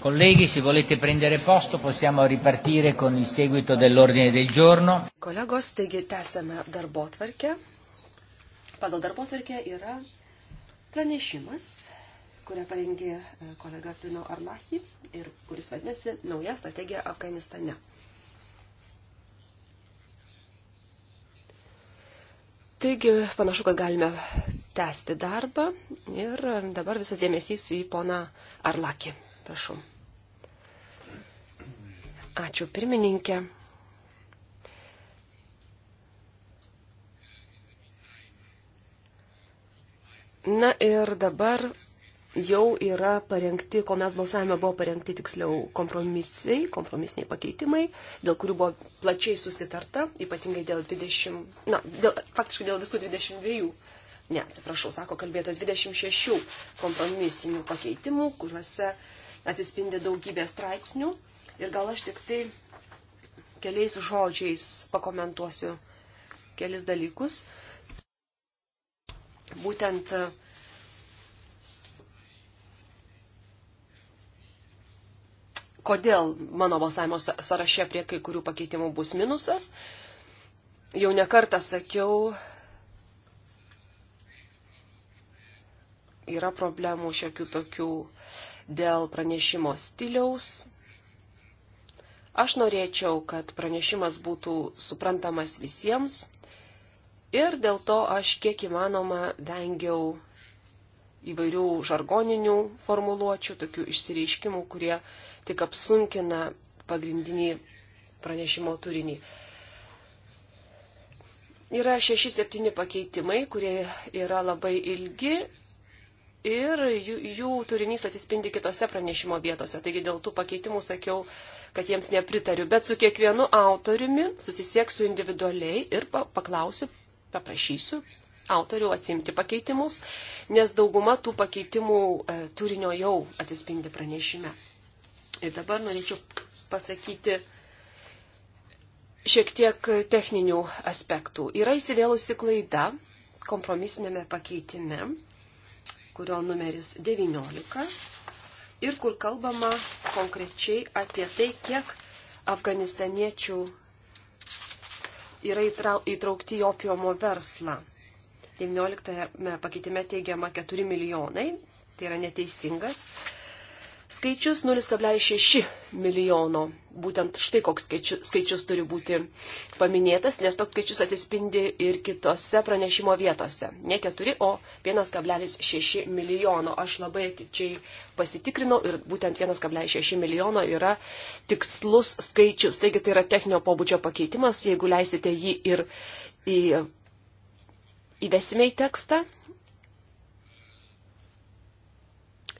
Colleghi, se volete prendere posto possiamo ripartire con il seguito dell'ordine del giorno. Kolegos, taigi tęsame darbo tvarkę. Pagal darbo tvarkę yra pranešimas, kurią parengė e, kolega Pino Arlachi ir kuris vadinasi Nauja strategija Afganistane. Taigi, panašu, kad galime tęsti darbą ir dabar visas dėmesys į poną Arlakį. Prašau. Ačiū pirmininkė. Na ir dabar jau yra parengti, kol mes balsavime buvo parengti tiksliau kompromisai, kompromisiniai pakeitimai, dėl kurių buvo plačiai susitarta, ypatingai dėl 20, na, dėl, faktiškai dėl visų 22, ne, atsiprašau, sako kalbėtas 26 kompromisinių pakeitimų, kuriuose atsispindi daugybė straipsnių ir gal aš tik tai keliais žodžiais pakomentuosiu kelis dalykus. Būtent kodėl mano balsavimo sąraše prie kai kurių pakeitimų bus minusas. Jau nekartą sakiau, yra problemų šiokių tokių. Uh, dėl pranešimo stiliaus. Aš norėčiau, kad pranešimas būtų suprantamas visiems ir dėl to aš kiek įmanoma vengiau įvairių žargoninių formuluočių, tokių išsireiškimų, kurie tik apsunkina pagrindinį pranešimo turinį. Yra 6-7 pakeitimai, kurie yra labai ilgi ir jų, jų turinys atsispindi kitose pranešimo vietose. Taigi dėl tų pakeitimų sakiau, kad jiems nepritariu. Bet su kiekvienu autoriumi susisieksiu individualiai ir paklausiu, paprašysiu autorių atsimti pakeitimus, nes dauguma tų pakeitimų e, turinio jau atsispindi pranešime. Ir dabar norėčiau pasakyti šiek tiek techninių aspektų. Yra įsivėlusi klaida kompromisinėme pakeitime kurio numeris 19, ir kur kalbama konkrečiai apie tai, kiek afganistaniečių yra įtraukti į opiomo verslą. 19 pakeitime teigiama 4 milijonai, tai yra neteisingas skaičius 0,6 milijono. Būtent štai koks skaičius, skaičius turi būti paminėtas, nes toks skaičius atsispindi ir kitose pranešimo vietose. Ne 4, o 1,6 milijono. Aš labai atidžiai pasitikrinau ir būtent 1,6 milijono yra tikslus skaičius. Taigi tai yra techninio pobūdžio pakeitimas, jeigu leisite jį ir į, įvesime į tekstą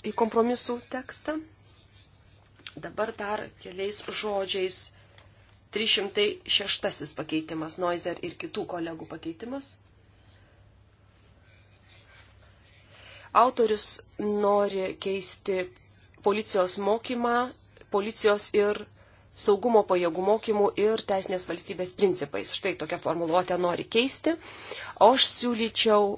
į kompromisų tekstą. Dabar dar keliais žodžiais 306 pakeitimas, Noizer ir kitų kolegų pakeitimas. Autorius nori keisti policijos mokymą, policijos ir saugumo pajėgų mokymų ir teisinės valstybės principais. Štai tokią formuluotę nori keisti. O aš siūlyčiau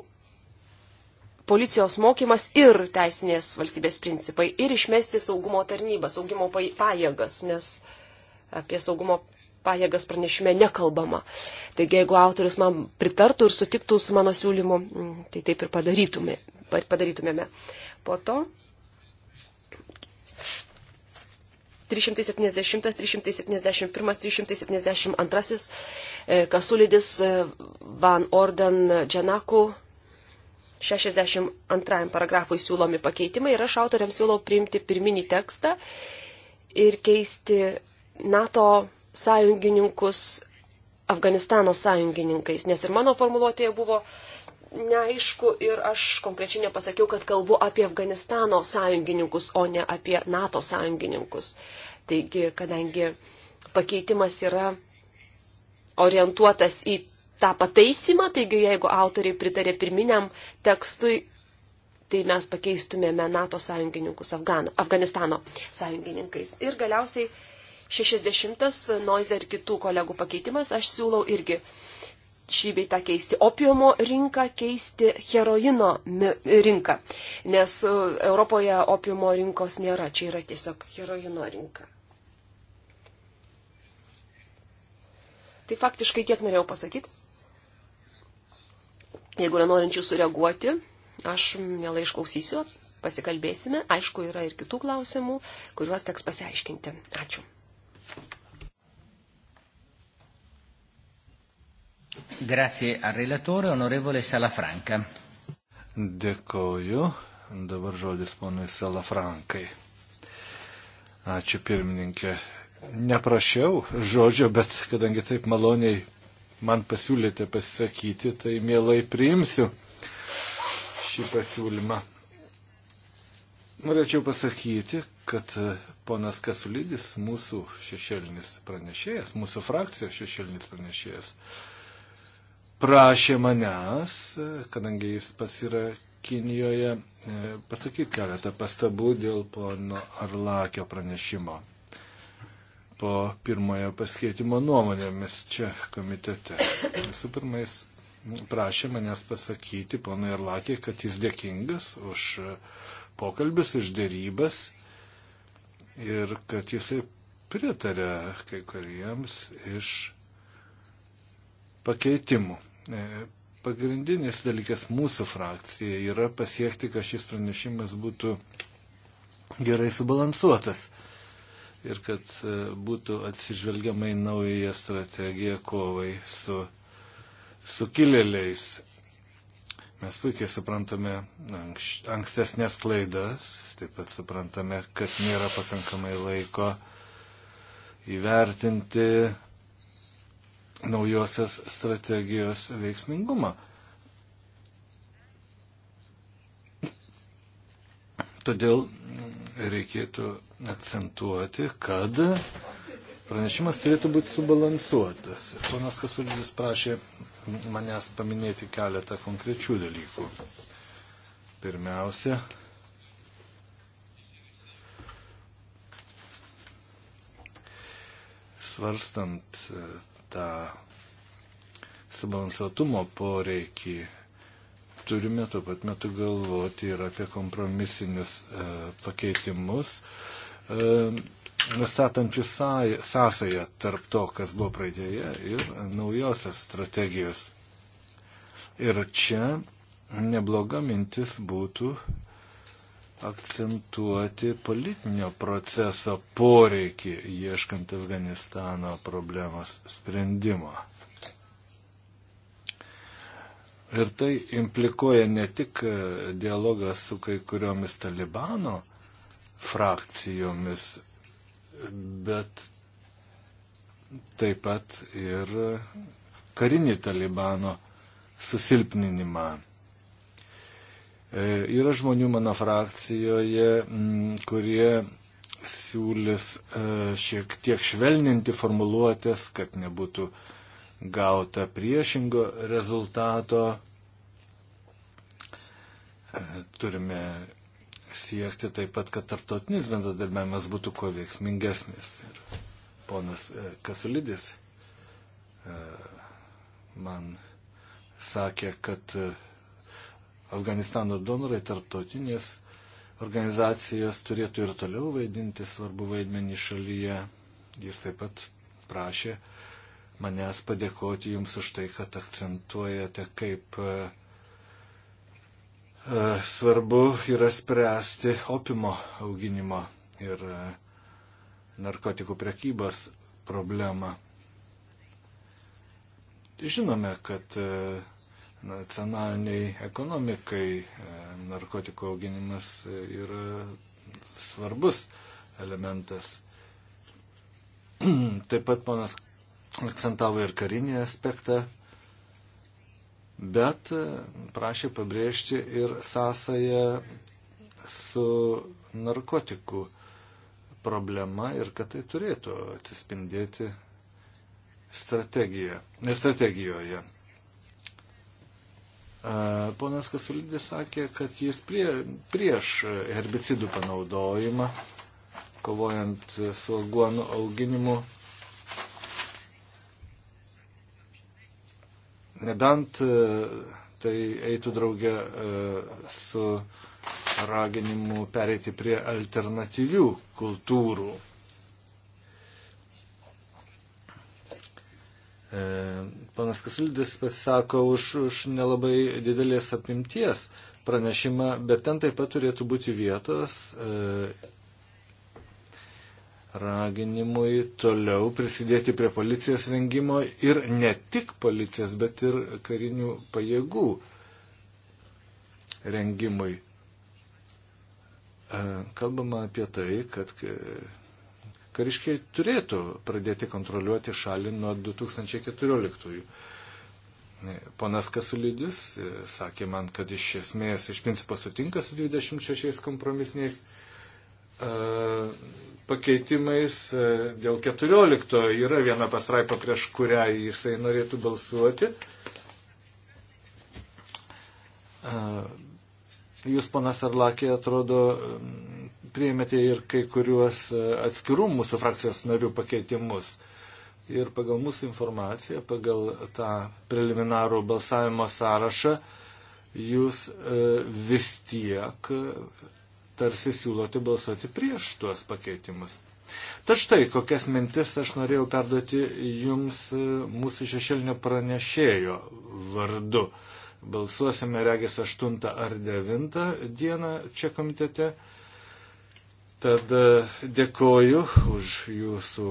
policijos mokymas ir teisinės valstybės principai ir išmesti saugumo tarnybą, saugimo pajėgas, nes apie saugumo pajėgas pranešime nekalbama. Taigi, jeigu autorius man pritartų ir sutiktų su mano siūlymu, mm, tai taip ir padarytume, padarytumėme. Po to 370, 371, 372, Kasulidis, Van Orden, Džanaku, 62 paragrafui siūlomi pakeitimai ir aš autoriams siūlau priimti pirminį tekstą ir keisti NATO sąjungininkus Afganistano sąjungininkais, nes ir mano formuluotėje buvo neaišku ir aš konkrečiai nepasakiau, kad kalbu apie Afganistano sąjungininkus, o ne apie NATO sąjungininkus. Taigi, kadangi pakeitimas yra orientuotas į tą pataisimą, taigi jeigu autoriai pritarė pirminiam tekstui, tai mes pakeistumėme NATO sąjungininkus Afgano, Afganistano sąjungininkais. Ir galiausiai 60 Noize ir kitų kolegų pakeitimas aš siūlau irgi šį beitą keisti opiumo rinką, keisti heroino rinką, nes e, Europoje opiumo rinkos nėra, čia yra tiesiog heroino rinka. Tai faktiškai tiek norėjau pasakyti. Jeigu yra norinčių sureaguoti, aš mielai išklausysiu, pasikalbėsime. Aišku, yra ir kitų klausimų, kuriuos teks pasiaiškinti. Ačiū. Grazie al relatore, onorevole Salafranca. Dėkoju. Dabar žodis ponui Salafrankai. Ačiū pirmininkė. Neprašiau žodžio, bet kadangi taip maloniai man pasiūlėte pasisakyti, tai mielai priimsiu šį pasiūlymą. Norėčiau pasakyti, kad e, ponas Kasulydis, mūsų šešėlinis pranešėjas, mūsų frakcijos šešėlinis pranešėjas, prašė manęs, e, kadangi jis pats yra Kinijoje, e, pasakyti keletą pastabų dėl pono Arlakio pranešimo po pirmojo paskeitimo nuomonėmis čia komitete. Visų pirma, jis prašė manęs pasakyti ponui Arlakė, kad jis dėkingas už pokalbius, už dėrybas ir kad jisai pritarė kai kuriems iš pakeitimų e, pagrindinis dalykas mūsų frakcija yra pasiekti, kad šis pranešimas būtų gerai subalansuotas ir kad e, būtų atsižvelgiamai nauja strategija kovai su sukilėliais. Mes puikiai suprantame ankstesnės klaidas, taip pat suprantame, kad nėra pakankamai laiko įvertinti naujosios strategijos veiksmingumą. Todėl reikėtų akcentuoti, kad pranešimas turėtų būti subalansuotas. Ponas Kasulidis prašė manęs paminėti keletą konkrečių dalykų. Pirmiausia, svarstant e, tą subalansuotumo poreikį, turime tuo pat metu galvoti ir apie kompromisinius e, pakeitimus, E, nustatančių sąsąją tarp to, kas buvo praeitėje ir naujosios strategijos. Ir čia nebloga mintis būtų akcentuoti politinio proceso poreikį ieškant Afganistano problemos sprendimo. Ir tai implikuoja ne tik dialogą su kai kuriomis Talibano frakcijomis, bet taip pat ir karinį talibano susilpninimą. E, yra žmonių mano frakcijoje, kurie siūlis e, šiek tiek švelninti formuluotės, kad nebūtų gauta priešingo rezultato. E, turime siekti taip pat, kad tarptautinis bendradarbiavimas būtų kuo veiksmingesnis. Ir ponas e, Kasulidis e, man sakė, kad e, Afganistano donorai tarptautinės organizacijas turėtų ir toliau vaidinti svarbu vaidmenį šalyje. Jis taip pat prašė manęs padėkoti jums už tai, kad akcentuojate, kaip uh, E, svarbu yra spręsti opimo auginimo ir e, narkotikų prekybos problemą. Žinome, kad e, nacionaliniai ekonomikai narkotikų auginimas yra svarbus elementas. Taip pat ponas akcentavo ir karinį aspektą bet e, prašė pabrėžti ir sąsają su narkotikų problema ir kad tai turėtų atsispindėti strategijoje. E, ponas Kasulidis sakė, kad jis prie, prieš herbicidų panaudojimą, kovojant su aguonų auginimu, Nebent e, tai eitų draugė e, su raginimu pereiti prie alternatyvių kultūrų. E, Panas Kasulidis pasisako už, už nelabai didelės apimties pranešimą, bet ten taip pat turėtų būti vietos raginimui toliau prisidėti prie policijos rengimo ir ne tik policijos, bet ir karinių pajėgų rengimui. E, kalbama apie tai, kad kariškiai turėtų pradėti kontroliuoti šalį nuo 2014-ųjų. E, ponas Kasulidis e, sakė man, kad iš esmės, iš principo sutinka su 26 kompromisiniais E, pakeitimais e, dėl 14 yra viena pasraipa, prieš kurią jisai norėtų balsuoti. E, jūs, panas Arlakė, atrodo, priėmėte ir kai kuriuos atskirų mūsų frakcijos narių pakeitimus. Ir pagal mūsų informaciją, pagal tą preliminarų balsavimo sąrašą, jūs vis tiek tarsi siūlote balsuoti prieš tuos pakeitimus. Tad štai kokias mintis aš norėjau perduoti jums e, mūsų šešėlinio pranešėjo vardu. Balsuosime regės 8 ar 9 dieną čia komitete. Tad e, dėkoju už jūsų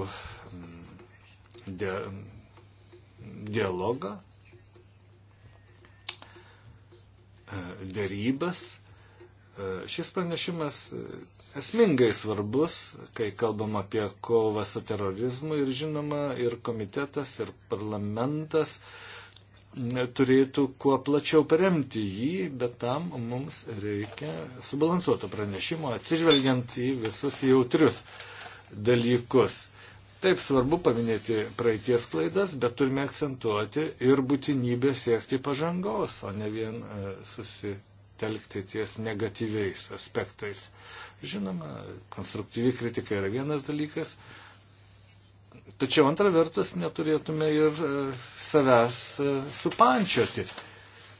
di dialogą, e, dėrybas Šis pranešimas e, esmingai svarbus, kai kalbam apie kovą su terorizmu ir žinoma, ir komitetas, ir parlamentas e, turėtų kuo plačiau paremti jį, bet tam mums reikia subalansuoto pranešimo, atsižvelgiant į visus jautrius dalykus. Taip svarbu paminėti praeities klaidas, bet turime akcentuoti ir būtinybę siekti pažangos, o ne vien e, susitikti susitelkti ties negatyviais aspektais. Žinoma, konstruktyvi kritika yra vienas dalykas, tačiau antra vertus neturėtume ir e, savęs e, supančioti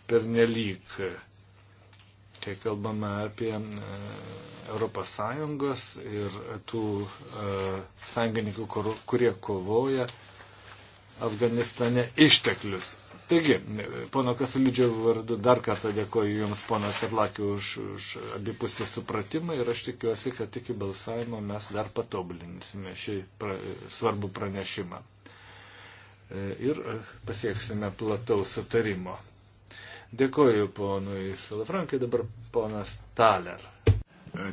per nelik, kai kalbame apie ES ir tų e, sąjungininkų, kurie kovoja Afganistane išteklius. Taigi, pono Kasulidžio vardu dar kartą dėkoju Jums, ponas Arlakiu, už, už abipusį supratimą ir aš tikiuosi, kad iki balsavimo mes dar patobulinsime šį pra, svarbų pranešimą e, ir pasieksime plataus sutarimo. Dėkoju ponui Salafrankai, dabar ponas Taler. E,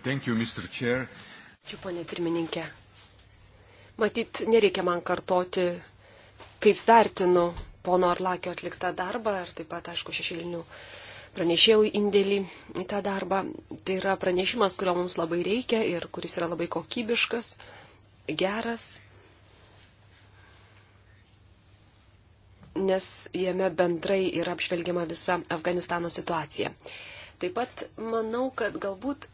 thank you, Mr. Chair. Ačiū, ponė pirmininkė. Matyt, nereikia man kartoti, kaip vertinu pono Arlakio atliktą darbą ir taip pat, aišku, šešėlinių pranešėjų indėlį į tą darbą. Tai yra pranešimas, kurio mums labai reikia ir kuris yra labai kokybiškas, geras, nes jame bendrai yra apžvelgiama visa Afganistano situacija. Taip pat manau, kad galbūt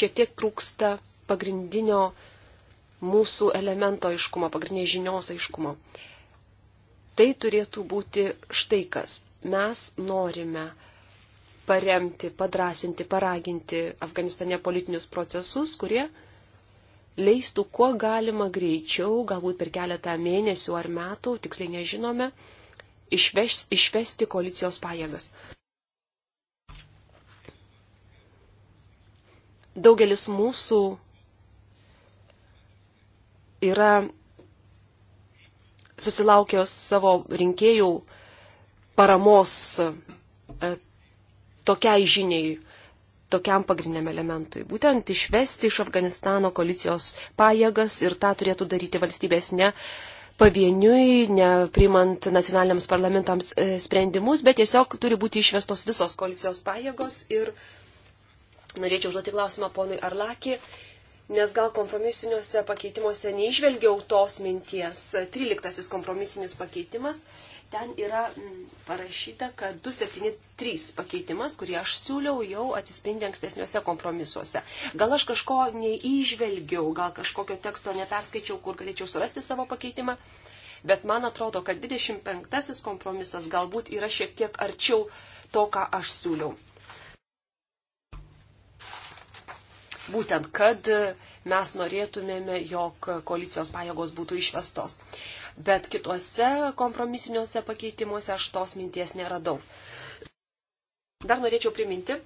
šiek tiek trūksta pagrindinio mūsų elemento aiškumo, pagrindinės žinios aiškumo. Uh, tai turėtų būti štai kas. Mes norime paremti, padrasinti, paraginti Afganistane politinius procesus, kurie leistų kuo galima greičiau, galbūt per keletą mėnesių ar metų, tiksliai nežinome, išves, išvesti koalicijos pajėgas. Daugelis mūsų yra susilaukė savo rinkėjų paramos e, tokiai žiniai, tokiam pagrindiniam elementui. Būtent išvesti iš Afganistano koalicijos pajėgas ir tą turėtų daryti valstybės ne pavieniui, neprimant nacionaliniams parlamentams e, sprendimus, bet tiesiog turi būti išvestos visos koalicijos pajėgos. Ir norėčiau užduoti klausimą ponui Arlaki nes gal kompromisiniuose pakeitimuose neižvelgiau tos minties. 13 kompromisinis pakeitimas. Ten yra mm, parašyta, kad 273 pakeitimas, kurį aš siūliau, jau atsispindi ankstesniuose kompromisuose. Gal aš kažko neižvelgiau, gal kažkokio teksto neperskaičiau, kur galėčiau surasti savo pakeitimą, bet man atrodo, kad 25 kompromisas galbūt yra šiek tiek arčiau to, ką aš siūliau. būtent, kad mes norėtumėme, jog koalicijos pajėgos būtų išvestos. Bet kituose kompromisiniuose pakeitimuose aš tos minties neradau. Dar norėčiau priminti,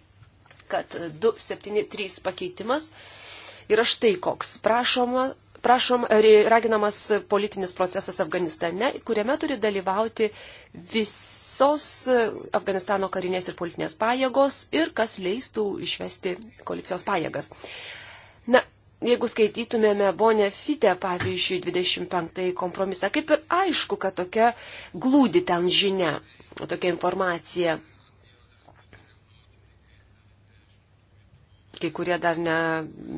kad 273 pakeitimas yra štai koks. Prašoma prašom, raginamas politinis procesas Afganistane, kuriame turi dalyvauti visos Afganistano karinės ir politinės pajėgos ir kas leistų išvesti koalicijos pajėgas. Na, jeigu skaitytumėme Bonė Fite, pavyzdžiui, 25 kompromisą, kaip ir aišku, kad tokia glūdi ten žinia, tokia informacija kai kurie dar ne,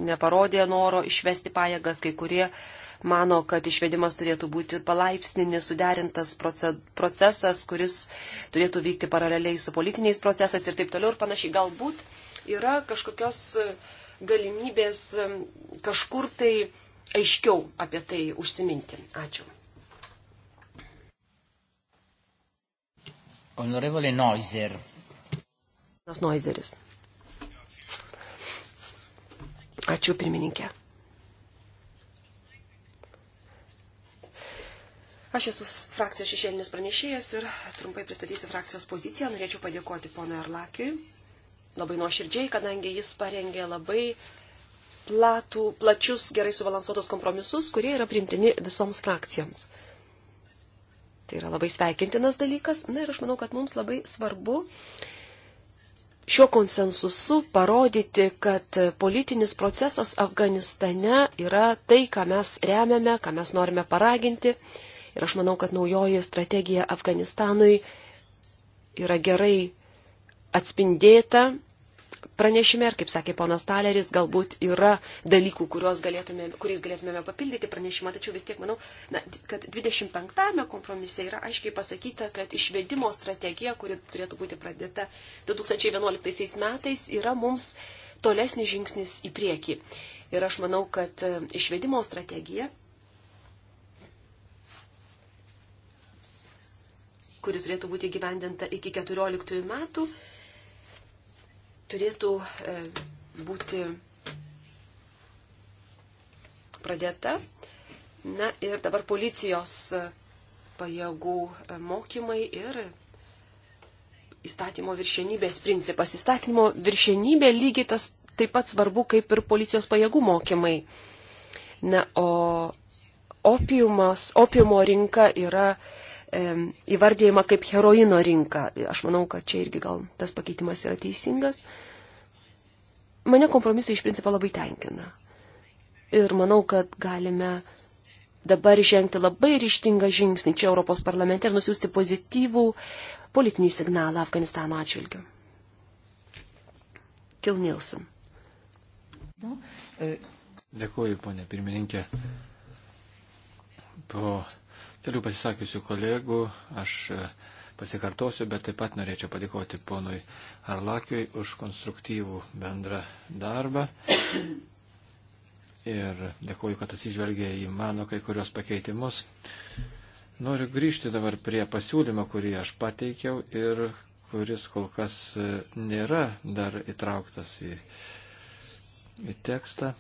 neparodė noro išvesti pajėgas, kai kurie mano, kad išvedimas turėtų būti palaipsninis, suderintas procesas, kuris turėtų vykti paraleliai su politiniais procesais ir taip toliau ir panašiai. Galbūt yra kažkokios galimybės kažkur tai aiškiau apie tai užsiminti. Ačiū. Honorevole Noizer. Noizeris. Ačiū pirmininkė. Aš esu frakcijos šešėlinis pranešėjas ir trumpai pristatysiu frakcijos poziciją. Norėčiau padėkoti ponui Arlakiui labai nuoširdžiai, kadangi jis parengė labai platų, plačius, gerai subalansuotus kompromisus, kurie yra primtini visoms frakcijoms. Tai yra labai sveikintinas dalykas. Na ir aš manau, kad mums labai svarbu šiuo konsensusu parodyti, kad politinis procesas Afganistane yra tai, ką mes remiame, ką mes norime paraginti. Ir aš manau, kad naujoji strategija Afganistanui yra gerai atspindėta pranešime ir, kaip sakė ponas Taleris, galbūt yra dalykų, galėtume, kuriais galėtumėme papildyti pranešimą, tačiau vis tiek manau, na, kad 25-ame kompromise yra aiškiai pasakyta, kad išvedimo strategija, kuri turėtų būti pradėta 2011 metais, yra mums tolesnis žingsnis į priekį. Ir aš manau, kad e, išvedimo strategija, kuri turėtų būti gyvendinta iki 2014 metų, turėtų e, būti pradėta. Na ir dabar policijos e, pajėgų e, mokymai ir įstatymo viršenybės principas. Įstatymo viršenybė lygiai tas taip pat svarbu kaip ir policijos pajėgų mokymai. Na, o opiumas, opiumo rinka yra įvardėjimą kaip heroino rinką. Aš manau, kad čia irgi gal tas pakeitimas yra teisingas. Mane kompromisai iš principo labai tenkina. Ir manau, kad galime dabar žengti labai ryštingą žingsnį čia Europos parlamente ir nusiųsti pozityvų politinį signalą Afganistano atžvilgiu. Kil Nilsen. Dėkuoju, ponė pirmininkė. Po kelių pasisakiusių kolegų. Aš e, pasikartosiu, bet taip pat norėčiau padėkoti ponui Arlakiui už konstruktyvų bendrą darbą. Ir dėkuoju, kad atsižvelgė į mano kai kurios pakeitimus. Noriu grįžti dabar prie pasiūlymo, kurį aš pateikiau ir kuris kol kas e, nėra dar įtrauktas į, į tekstą.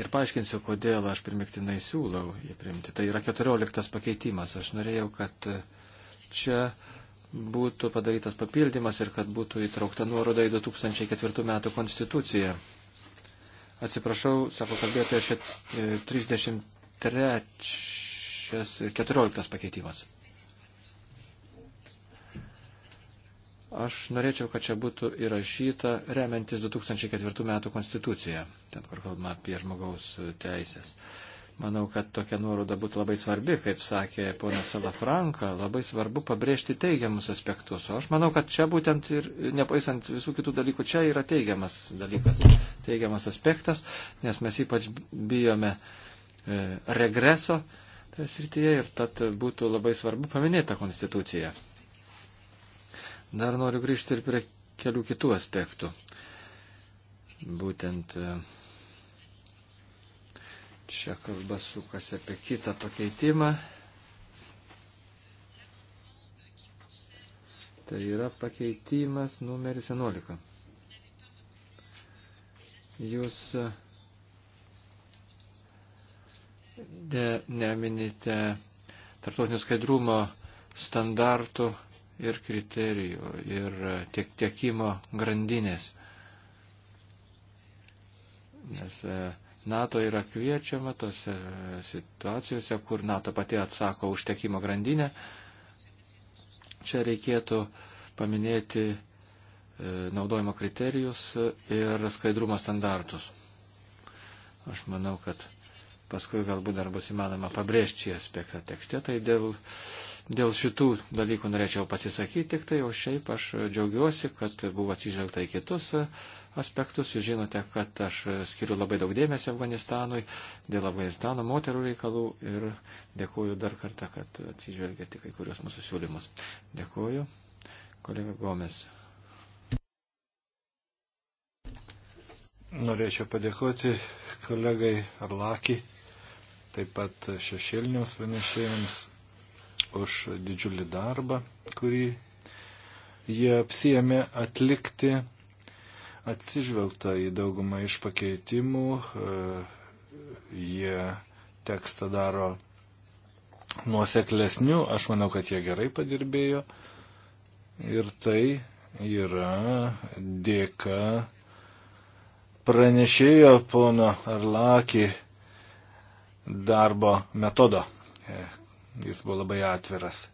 Ir paaiškinsiu, kodėl aš primiktinai siūlau jį priimti. Tai yra 14 pakeitimas. Aš norėjau, kad e, čia būtų padarytas papildymas ir kad būtų įtraukta nuoroda į 2004 metų konstituciją. Atsiprašau, sako kalbėtoja, 33 14 e, pakeitimas. Aš norėčiau, kad čia būtų įrašyta remiantis 2004 metų konstituciją, ten kur kalbama apie žmogaus teisės. Manau, kad tokia nuoroda būtų labai svarbi, kaip sakė ponas Salafranka, labai svarbu pabrėžti teigiamus aspektus. O aš manau, kad čia būtent ir nepaisant visų kitų dalykų, čia yra teigiamas dalykas, teigiamas aspektas, nes mes ypač bijome e, regreso toje srityje ir tad būtų labai svarbu paminėti tą konstituciją. Dar noriu grįžti ir prie kelių kitų aspektų. Būtent e, čia kalba sukasi apie kitą pakeitimą. Tai yra pakeitimas numeris 11. Jūs de, neminite tarptautinio skaidrumo standartų ir kriterijų, ir e, tiek tiekimo grandinės. Nes e, NATO yra kviečiama tose e, situacijose, kur NATO pati atsako už tiekimo grandinę. Čia reikėtų paminėti naudojimo kriterijus ir skaidrumo standartus. Aš manau, kad paskui galbūt dar bus įmanoma pabrėžti šį aspektą tekste, tai dėl Dėl šitų dalykų norėčiau pasisakyti tik tai, o šiaip aš džiaugiuosi, kad buvo atsižvelgta į kitus aspektus. Jūs žinote, kad aš skiriu labai daug dėmesio Afganistanui, dėl Afganistano moterų reikalų ir dėkuoju dar kartą, kad atsižvelgėte kai kurios mūsų siūlymus. Dėkuoju, kolega Gomes. Norėčiau padėkoti kolegai Arlaki, taip pat šešėliniams pranešėjams už didžiulį darbą, kurį jie apsijėmė atlikti. Atsižvelgta į daugumą iš pakeitimų, e, jie tekstą daro nuoseklesnių, aš manau, kad jie gerai padirbėjo ir tai yra dėka pranešėjo pono Arlaki darbo metodo, e, jis buvo labai atviras.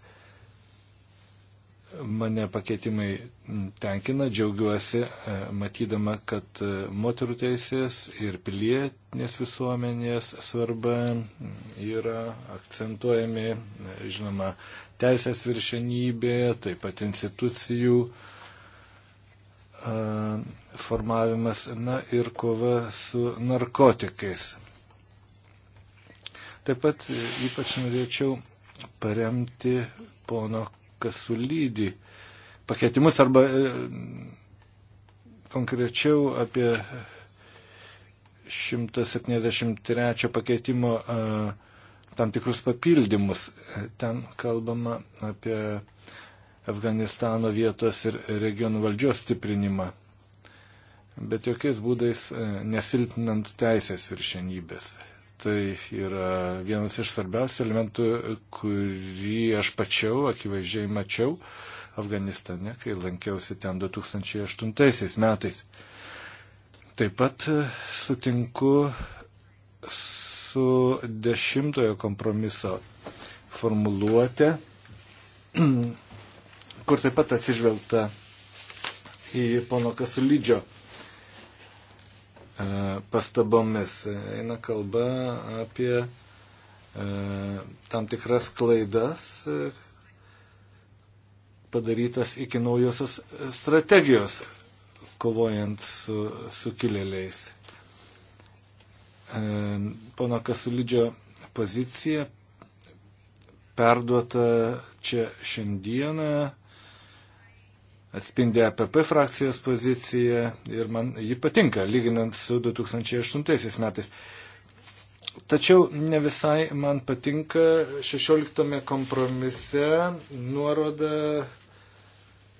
Mane pakeitimai tenkina, džiaugiuosi, e, matydama, kad e, moterų teisės ir pilietinės visuomenės svarba yra akcentuojami, e, žinoma, teisės viršenybė, taip pat institucijų formavimas, na ir kova su narkotikais. Taip pat ypač norėčiau paremti pono Kasulydį pakeitimus arba e, konkrečiau apie 173 pakeitimo e, tam tikrus papildymus. Ten kalbama apie Afganistano vietos ir regionų valdžios stiprinimą bet jokiais būdais e, nesilpninant teisės viršenybės tai yra vienas iš svarbiausių elementų, kurį aš pačiau akivaizdžiai mačiau Afganistane, kai lankiausi ten 2008 metais. Taip pat e, sutinku su dešimtojo kompromiso formuluotė, kur taip pat atsižvelgta į pono Kasulydžio E, pastabomis. Eina kalba apie e, tam tikras klaidas e, padarytas iki naujosios strategijos kovojant su sukilėliais. Pono Kasulidžio pozicija perduota čia šiandieną atspindi APP frakcijos poziciją ir man ji patinka, lyginant su 2008 metais. Tačiau ne visai man patinka 16 kompromise nuoroda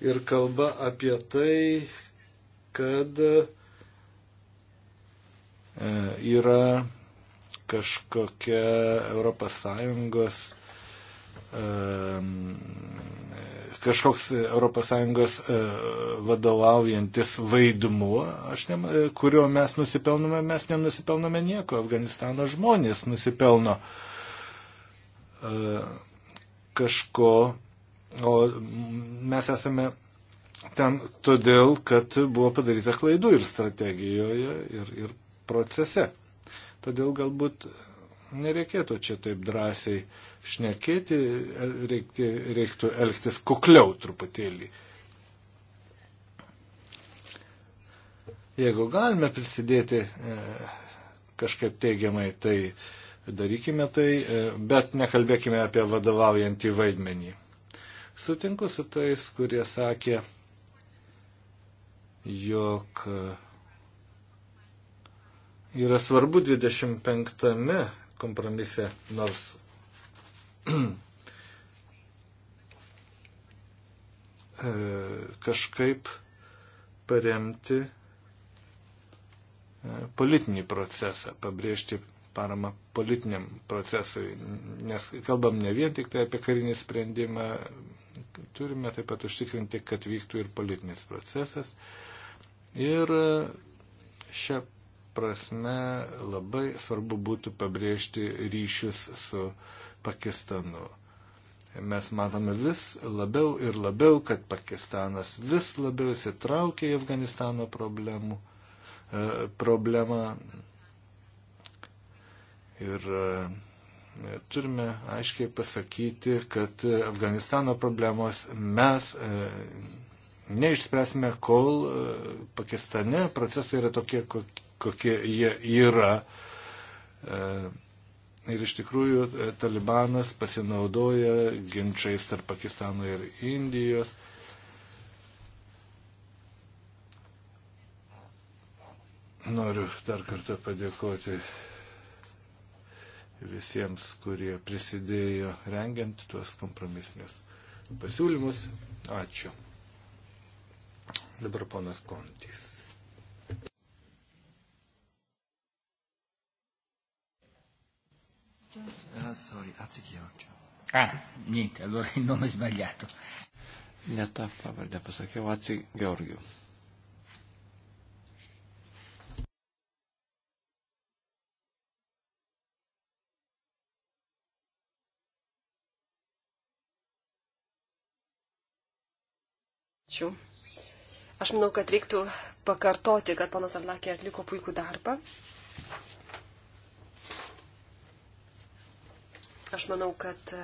ir kalba apie tai, kad e, yra kažkokia ES kažkoks ES e, vadovaujantis vaidmuo, ne, e, kurio mes nusipelnome, mes nenusipelnome nieko, Afganistano žmonės nusipelno e, kažko, o mes esame ten todėl, kad buvo padaryta klaidų ir strategijoje, ir, ir procese. Todėl galbūt nereikėtų čia taip drąsiai uh, šnekėti, reikti, reiktų elgtis kukliau truputėlį. Jeigu galime prisidėti e, kažkaip teigiamai, tai darykime tai, e, bet nekalbėkime apie vadovaujantį vaidmenį. Sutinku su tais, kurie sakė, jog e, yra svarbu 25 kompromise, nors E, kažkaip paremti e, politinį procesą, pabrėžti paramą politiniam procesui, nes kalbam ne vien tik tai apie karinį sprendimą, turime taip pat užtikrinti, kad vyktų ir politinis procesas. Ir e, šią prasme labai svarbu būtų pabrėžti ryšius su uh, Pakistanu. Mes matome vis labiau ir labiau, kad Pakistanas vis labiau įsitraukia į Afganistano problemų, e, problemą. Ir e, turime aiškiai pasakyti, kad Afganistano problemos mes e, neišspręsime, kol Pakistane procesai yra tokie, kokie jie yra. E, Ir iš tikrųjų e, Talibanas pasinaudoja ginčiais tarp Pakistano ir Indijos. Noriu dar kartą padėkoti visiems, kurie prisidėjo rengiant tuos kompromisinius pasiūlymus. Ačiū. Dabar ponas Kontys. Uh, sorry, Atsikijočiu. Ah, niente, allora il nome è sbagliato. Ne tą pavardę pasakiau, Atsi Georgiu. Ačiū. Aš manau, kad reiktų pakartoti, kad panas Arlakė atliko puikų darbą Aš manau, kad e,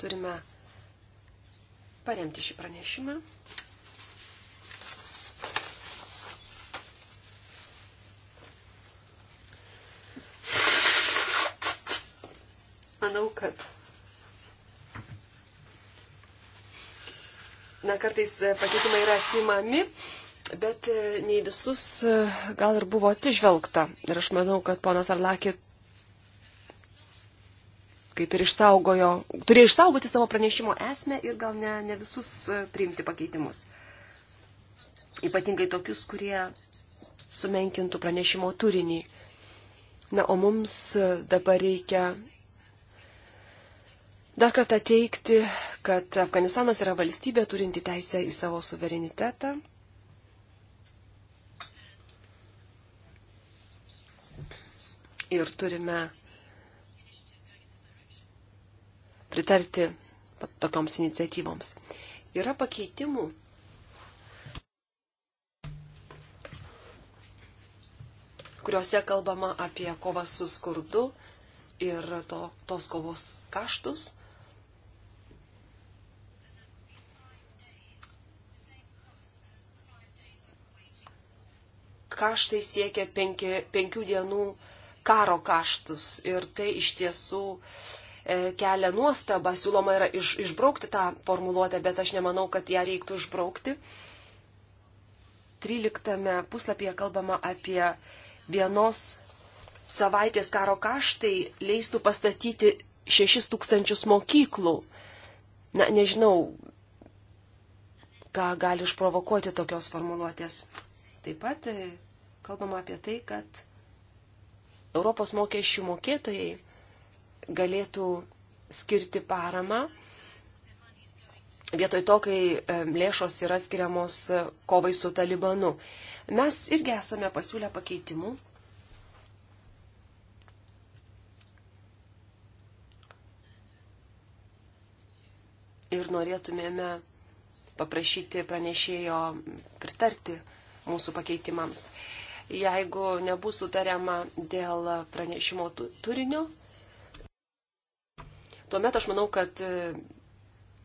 turime paremti šį pranešimą. Manau, kad. Na, kartais e, pakeitimai yra atsimami, bet e, nei visus gal ir buvo atsižvelgta. Ir aš manau, kad ponas Arlakit kaip ir išsaugojo, turėjo išsaugoti savo pranešimo esmę ir gal ne, ne visus e, priimti pakeitimus. Ypatingai tokius, kurie sumenkintų pranešimo turinį. Na, o mums e, dabar reikia dar kartą teikti, kad Afganistanas yra valstybė turinti teisę į savo suverenitetą. Ir turime pritarti tokioms iniciatyvoms. Yra pakeitimų. kuriuose kalbama apie kovą su skurdu ir to, tos kovos kaštus. Kaštai siekia penki, penkių dienų karo kaštus ir tai iš tiesų uh, E, kelia nuostabą, siūloma yra iš, išbraukti tą formuluotę, bet aš nemanau, kad ją reiktų išbraukti. 13 puslapyje kalbama apie vienos savaitės karo kaštai leistų pastatyti 6000 mokyklų. Na, nežinau, ką gali išprovokuoti tokios formuluotės. Taip pat e, kalbama apie tai, kad Europos mokesčių mokėtojai galėtų skirti paramą vietoj to, kai e, lėšos yra skiriamos e, kovai su talibanu. Mes irgi esame pasiūlę pakeitimų. Ir norėtumėme paprašyti pranešėjo pritarti mūsų pakeitimams. Jeigu nebus sutariama dėl pranešimo turinio, tuomet aš manau, kad e,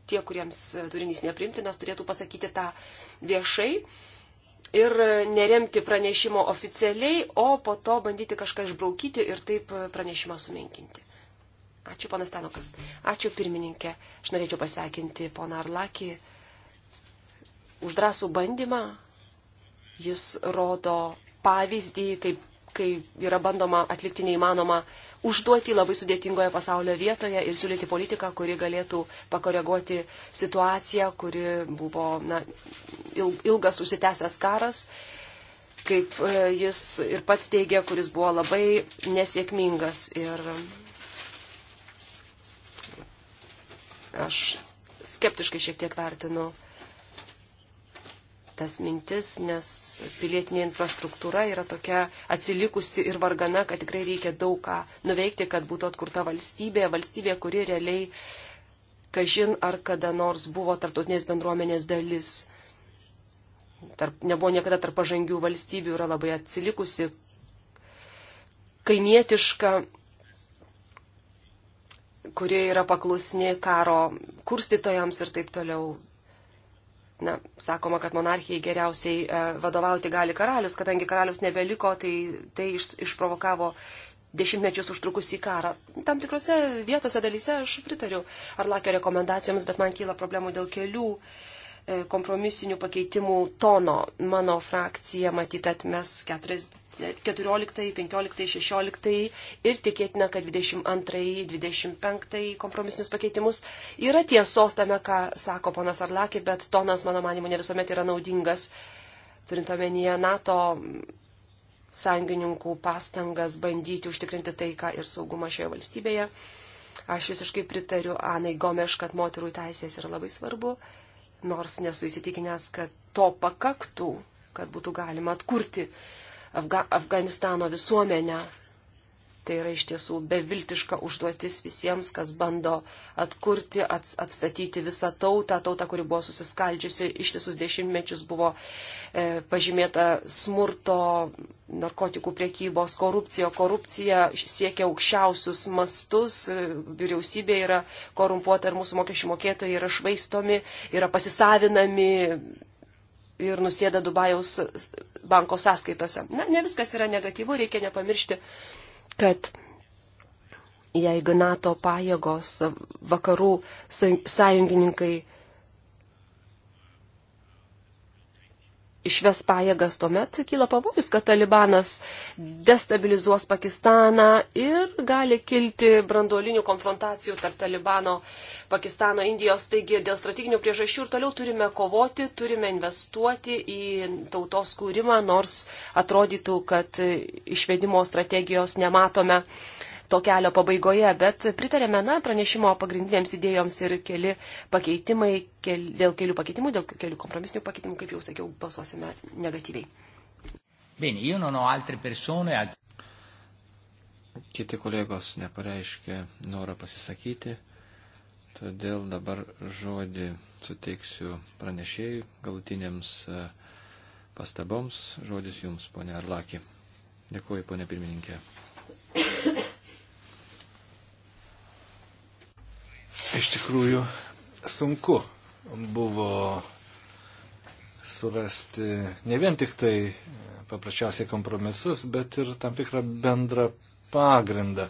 tie, kuriems e, turinys neprimtinas, turėtų pasakyti tą viešai ir e, neremti pranešimo oficialiai, o po to bandyti kažką išbraukyti ir taip pranešimą sumenkinti. Ačiū, panas Tenokas. Ačiū, pirmininkė. Aš norėčiau pasveikinti poną Arlakį už drąsų bandymą. Jis rodo pavyzdį, kaip kai yra bandoma atlikti neįmanoma užduoti labai sudėtingoje pasaulio vietoje ir siūlyti politiką, kuri galėtų pakoreguoti situaciją, kuri buvo na, ilgas užsitęsęs karas, kaip e, jis ir pats teigia, kuris buvo labai nesėkmingas. Ir aš skeptiškai šiek tiek vertinu tas mintis, nes pilietinė infrastruktūra yra tokia atsilikusi ir vargana, kad tikrai reikia daug ką nuveikti, kad būtų atkurta valstybė, valstybė, kuri realiai, kažin ar kada nors buvo tarptautinės bendruomenės dalis. Tarp, nebuvo niekada tarp pažangių valstybių, yra labai atsilikusi, kaimietiška, kuri yra paklusni karo kurstytojams ir taip toliau na, sakoma, kad monarchijai geriausiai e, vadovauti gali karalius, kadangi karalius nebeliko, tai tai iš, išprovokavo dešimtmečius užtrukusį karą. Tam tikrose vietose dalyse aš pritariu Arlakio rekomendacijoms, bet man kyla problemų dėl kelių e, kompromisinių pakeitimų tono. Mano frakcija matyt atmes 40 14, 15, 16 ir tikėtina, kad 22, 25 kompromisinius pakeitimus. Yra tiesos tame, ką sako ponas Arlakė, bet tonas, mano manimu, ne visuomet yra naudingas, turint omenyje NATO sąjungininkų pastangas bandyti užtikrinti taiką ir saugumą šioje valstybėje. Aš visiškai pritariu Anai Gomeš, kad moterų teisės yra labai svarbu, nors nesu įsitikinęs, kad to pakaktų, kad būtų galima atkurti Afga Afganistano visuomenę. Tai yra iš tiesų beviltiška užduotis visiems, kas bando atkurti, ats, atstatyti visą tautą. Tauta, kuri buvo susiskaldžiusi ištisus dešimtmečius, buvo e, pažymėta smurto, narkotikų priekybos, korupcijo. Korupcija siekia aukščiausius mastus, e, vyriausybė yra korumpuota ir mūsų mokesčių mokėtojai yra švaistomi, yra pasisavinami ir nusėda Dubajaus banko sąskaitose. Na, ne viskas yra negatyvu, reikia nepamiršti, kad jeigu NATO pajėgos vakarų sąjungininkai išves pajėgas, tuomet kyla pavojus, kad talibanas destabilizuos Pakistaną ir gali kilti branduolinių konfrontacijų tarp Talibano, Pakistano, Indijos. Taigi dėl strateginių priežasčių ir toliau turime kovoti, turime investuoti į tautos kūrimą, nors atrodytų, kad išvedimo strategijos nematome. Uh, to kelio pabaigoje, bet pritarėme, na, pranešimo pagrindinėms idėjoms ir keli pakeitimai, kel, dėl kelių pakeitimų, dėl kelių kompromisinių pakeitimų, kaip jau sakiau, balsuosime negatyviai. Bene, io non ho altre persone. Alt... Kiti kolegos nepareiškė norą pasisakyti, todėl dabar žodį suteiksiu pranešėjui galutiniams e, pastaboms. Žodis jums, ponia Arlaki. Dėkuoju, ponia pirmininkė. Iš tikrųjų, sunku buvo surasti ne vien tik tai paprasčiausiai kompromisus, bet ir tam tikrą bendrą pagrindą.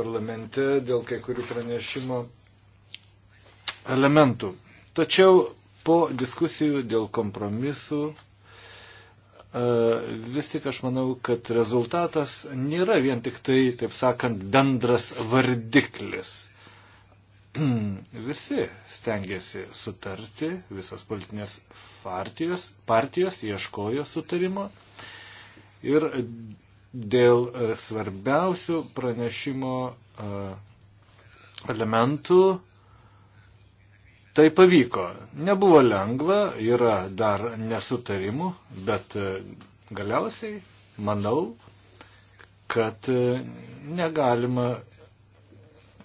Parlamente dėl kai kurių pranešimo elementų. Tačiau po diskusijų dėl kompromisų e, vis tik aš manau, kad rezultatas nėra vien tik tai, taip sakant, bendras vardiklis. visi stengiasi sutarti, visas politinės partijos, partijos ieškojo sutarimo ir dėl e, svarbiausių pranešimo e, elementų tai pavyko. Nebuvo lengva, yra dar nesutarimų, bet e, galiausiai manau, kad negalima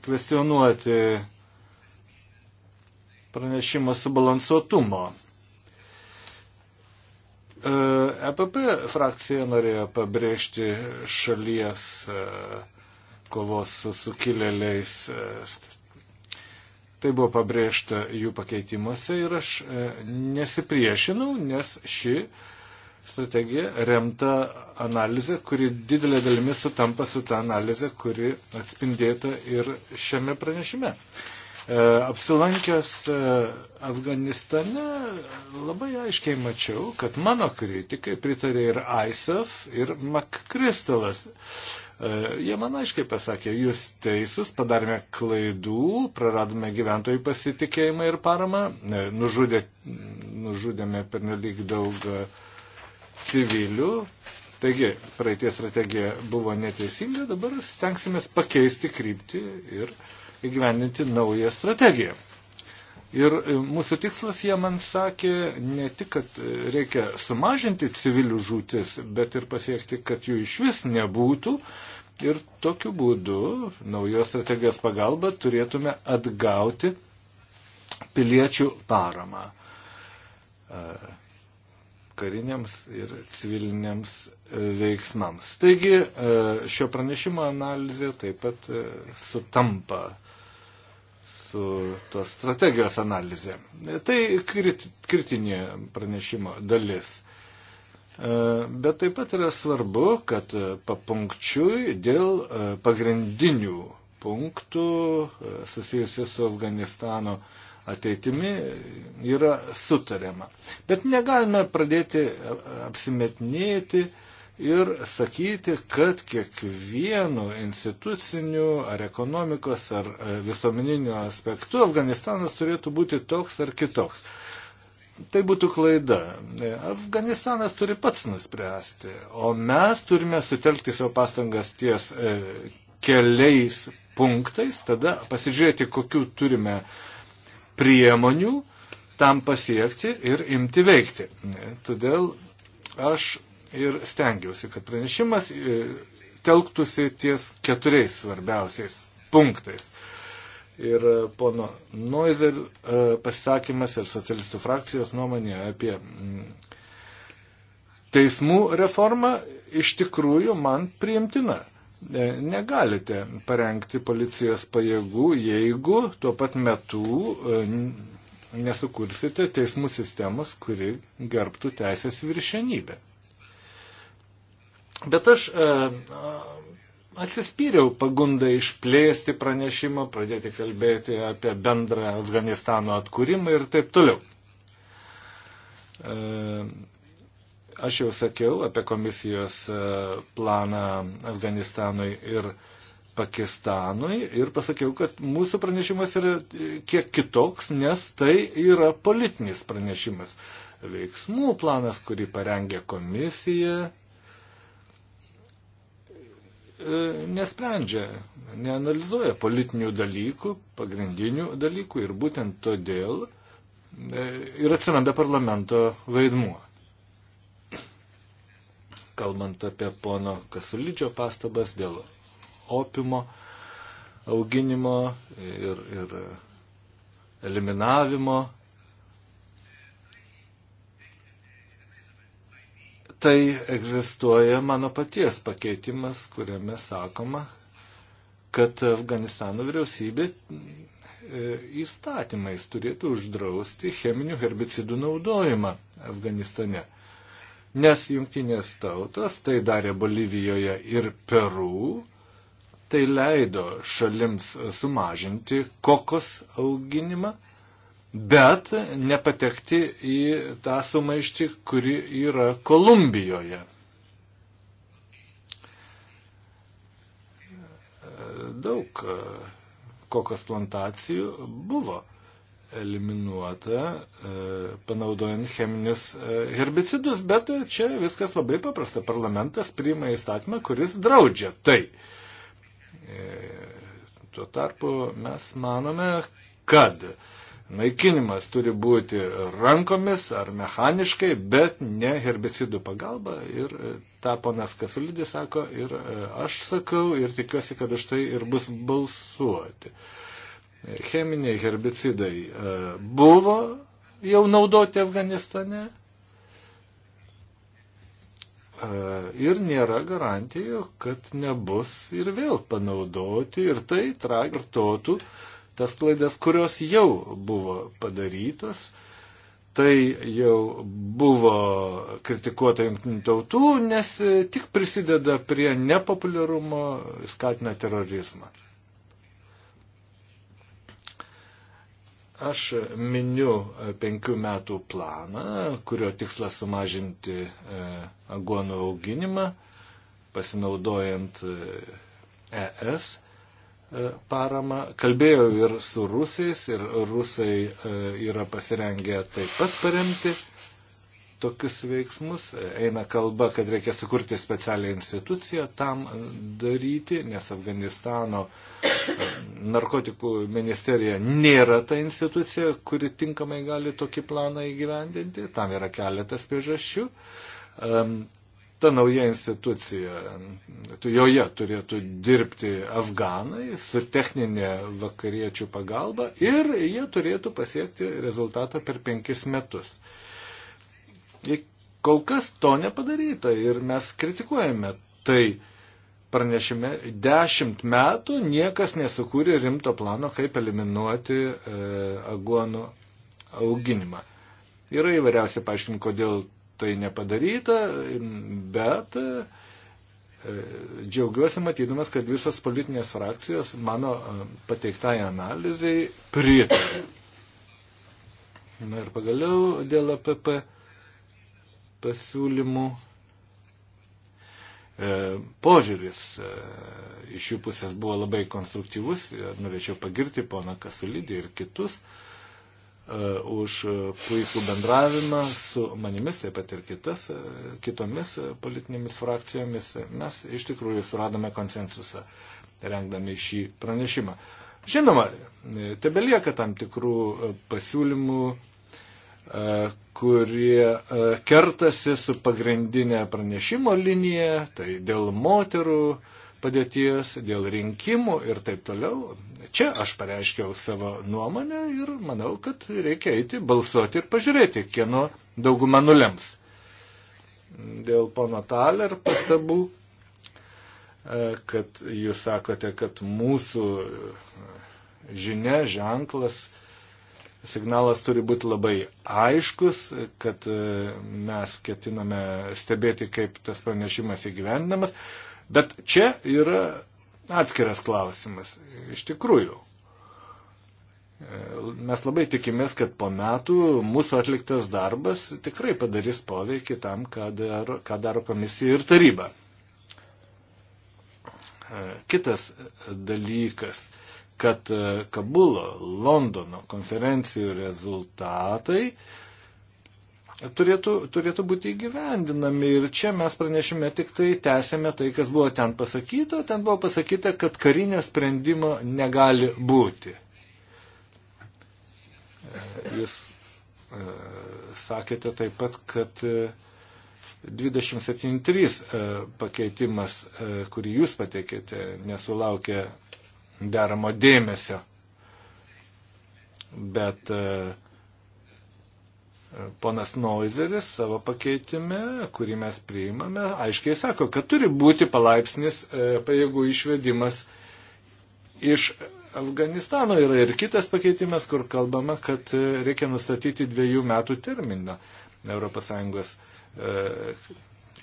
kvestionuoti pranešimo subalansuotumo. EPP e frakcija norėjo pabrėžti šalies e, kovos su sukilėliais. E, tai buvo pabrėžta jų pakeitimuose ir aš nesipriešinau, nes ši strategija remta analizė, kuri didelė dalimi sutampa su ta analizė, kuri atspindėta ir šiame pranešime. Uh, E, apsilankęs e, Afganistane labai aiškiai mačiau, kad mano kritikai pritarė ir ISAF, ir McChrystalas. E, jie man aiškiai pasakė, jūs teisus, padarėme klaidų, praradome gyventojų pasitikėjimą ir paramą, nužudė, nužudėme pernelyg daug civilių. Taigi, praeitie strategija buvo neteisinga, dabar stengsimės pakeisti kryptį ir uh, įgyvendinti naują strategiją. Ir e, mūsų tikslas, jie man sakė, ne tik, kad e, reikia sumažinti civilių žūtis, bet ir pasiekti, kad jų iš vis nebūtų. Ir tokiu būdu naujos strategijos pagalba turėtume atgauti piliečių paramą e, kariniams ir civiliniams veiksmams. Taigi šio pranešimo analizė taip pat sutampa su tos strategijos analizė. Tai krit, kritinė pranešimo dalis. E, bet taip pat yra svarbu, kad papunkčiui dėl e, pagrindinių punktų e, susijusių su Afganistano ateitimi yra sutariama. Bet negalime pradėti apsimetinėti, ir sakyti, kad kiekvienu instituciniu ar ekonomikos ar e, visuomeniniu aspektu Afganistanas turėtų būti toks ar kitoks. Tai būtų klaida. E, Afganistanas turi pats nuspręsti, o mes turime sutelkti savo pastangas ties e, keliais punktais, tada pasižiūrėti, kokiu turime priemonių tam pasiekti ir imti veikti. Todėl aš ir stengiausi, kad pranešimas e, telktųsi ties keturiais svarbiausiais punktais. Ir e, pono Noizer e, pasisakymas ir socialistų frakcijos nuomonė apie mm, teismų reformą iš tikrųjų man priimtina. Negalite parengti policijos pajėgų, jeigu tuo pat metu nesukursite teismų sistemos, kuri gerbtų teisės viršenybę. Bet aš a, e, a, atsispyriau pagundą išplėsti pranešimą, pradėti kalbėti apie bendrą Afganistano atkūrimą ir taip toliau. E, aš jau sakiau apie komisijos e, planą Afganistanui ir Pakistanui ir pasakiau, kad mūsų pranešimas yra kiek kitoks, nes tai yra politinis pranešimas. Veiksmų planas, kurį parengė komisija, E, nesprendžia, neanalizuoja politinių dalykų, pagrindinių dalykų ir būtent todėl e, ir atsiranda parlamento vaidmuo. Kalbant apie pono Kasulidžio pastabas dėl opimo auginimo ir, ir eliminavimo tai egzistuoja mano paties pakeitimas, kuriame sakoma, kad Afganistano vyriausybė e, įstatymais turėtų uždrausti cheminių herbicidų naudojimą Afganistane. Nes jungtinės tautos tai darė Bolivijoje ir Peru, tai leido šalims sumažinti kokos auginimą bet nepatekti į tą sumaištį, kuri yra Kolumbijoje. Daug kokios plantacijų buvo eliminuota, panaudojant cheminius e, herbicidus, bet čia viskas labai paprasta. Parlamentas priima įstatymą, kuris draudžia tai. E, tuo tarpu mes manome, kad uh, naikinimas turi būti rankomis ar mechaniškai, bet ne herbicidų pagalba. Ir e, tą ponas Kasulidis sako, ir e, aš sakau, ir tikiuosi, kad už tai ir bus balsuoti. Cheminiai herbicidai e, buvo jau naudoti Afganistane. Ir nėra garantijų, kad nebus ir vėl panaudoti ir tai traktotų. Uh, tas klaidas, kurios jau buvo padarytos. Tai jau buvo kritikuota jungtinių tautų, nes e, tik prisideda prie nepopuliarumo, skatina terorizmą. aš miniu e, penkių metų planą, kurio tikslas sumažinti e, agonų auginimą, pasinaudojant ES E, paramą. Kalbėjau ir su rusais, ir rusai e, yra pasirengę taip pat paremti tokius veiksmus. Eina kalba, kad reikia sukurti specialią instituciją tam daryti, nes Afganistano e, narkotikų ministerija nėra ta institucija, kuri tinkamai gali tokį planą įgyvendinti. Tam yra keletas priežasčių ta nauja institucija, joje turėtų dirbti afganai su techninė vakariečių pagalba ir jie turėtų pasiekti rezultatą per penkis metus. Kol kas to nepadaryta ir mes kritikuojame tai. Pranešime, dešimt metų niekas nesukūrė rimto plano, kaip eliminuoti e, aguonų auginimą. Yra įvairiausia paaiškinimų, kodėl tai nepadaryta, bet e, džiaugiuosi matydamas, kad visos politinės frakcijos mano e, pateiktai analizai pritarė. Na ir pagaliau dėl APP pasiūlymų e, požiūris iš jų pusės buvo labai konstruktyvus ir norėčiau pagirti poną Kasulidį ir kitus E, už puikų bendravimą su manimis, taip pat ir kitas, e, kitomis e, politinėmis frakcijomis. Mes iš tikrųjų suradome konsensusą rengdami šį pranešimą. Žinoma, tebelieka tam tikrų pasiūlymų, kurie kertasi su pagrindinė pranešimo linija, tai dėl moterų padėties, dėl rinkimų ir taip toliau. Čia aš pareiškiau savo nuomonę ir manau, kad reikia eiti balsuoti ir pažiūrėti, kieno dauguma nulems. Dėl pono Taler pastabų, e, kad jūs sakote, kad mūsų e, žinia, ženklas, signalas turi būti labai aiškus, kad e, mes ketiname stebėti, kaip tas pranešimas įgyvendinamas. Bet čia yra atskiras klausimas. Iš tikrųjų, mes labai tikimės, kad po metų mūsų atliktas darbas tikrai padarys poveikį tam, ką daro, ką daro komisija ir taryba. Kitas dalykas, kad Kabulo, Londono konferencijų rezultatai uh, turėtų, turėtų būti įgyvendinami. Ir čia mes pranešime tik tai tęsėme tai, kas buvo ten pasakyta. Ten buvo pasakyta, kad karinio sprendimo negali būti. E, jūs e, sakėte taip pat, kad 27.3 e, pakeitimas, kurį jūs pateikėte, nesulaukė deramo dėmesio. Bet uh, Ponas Noizeris savo pakeitime, kurį mes priimame, aiškiai sako, kad turi būti palaipsnis e, pajėgų išvedimas iš Afganistano. Yra ir kitas pakeitimas, kur kalbama, kad e, reikia nustatyti dviejų metų terminą ES e,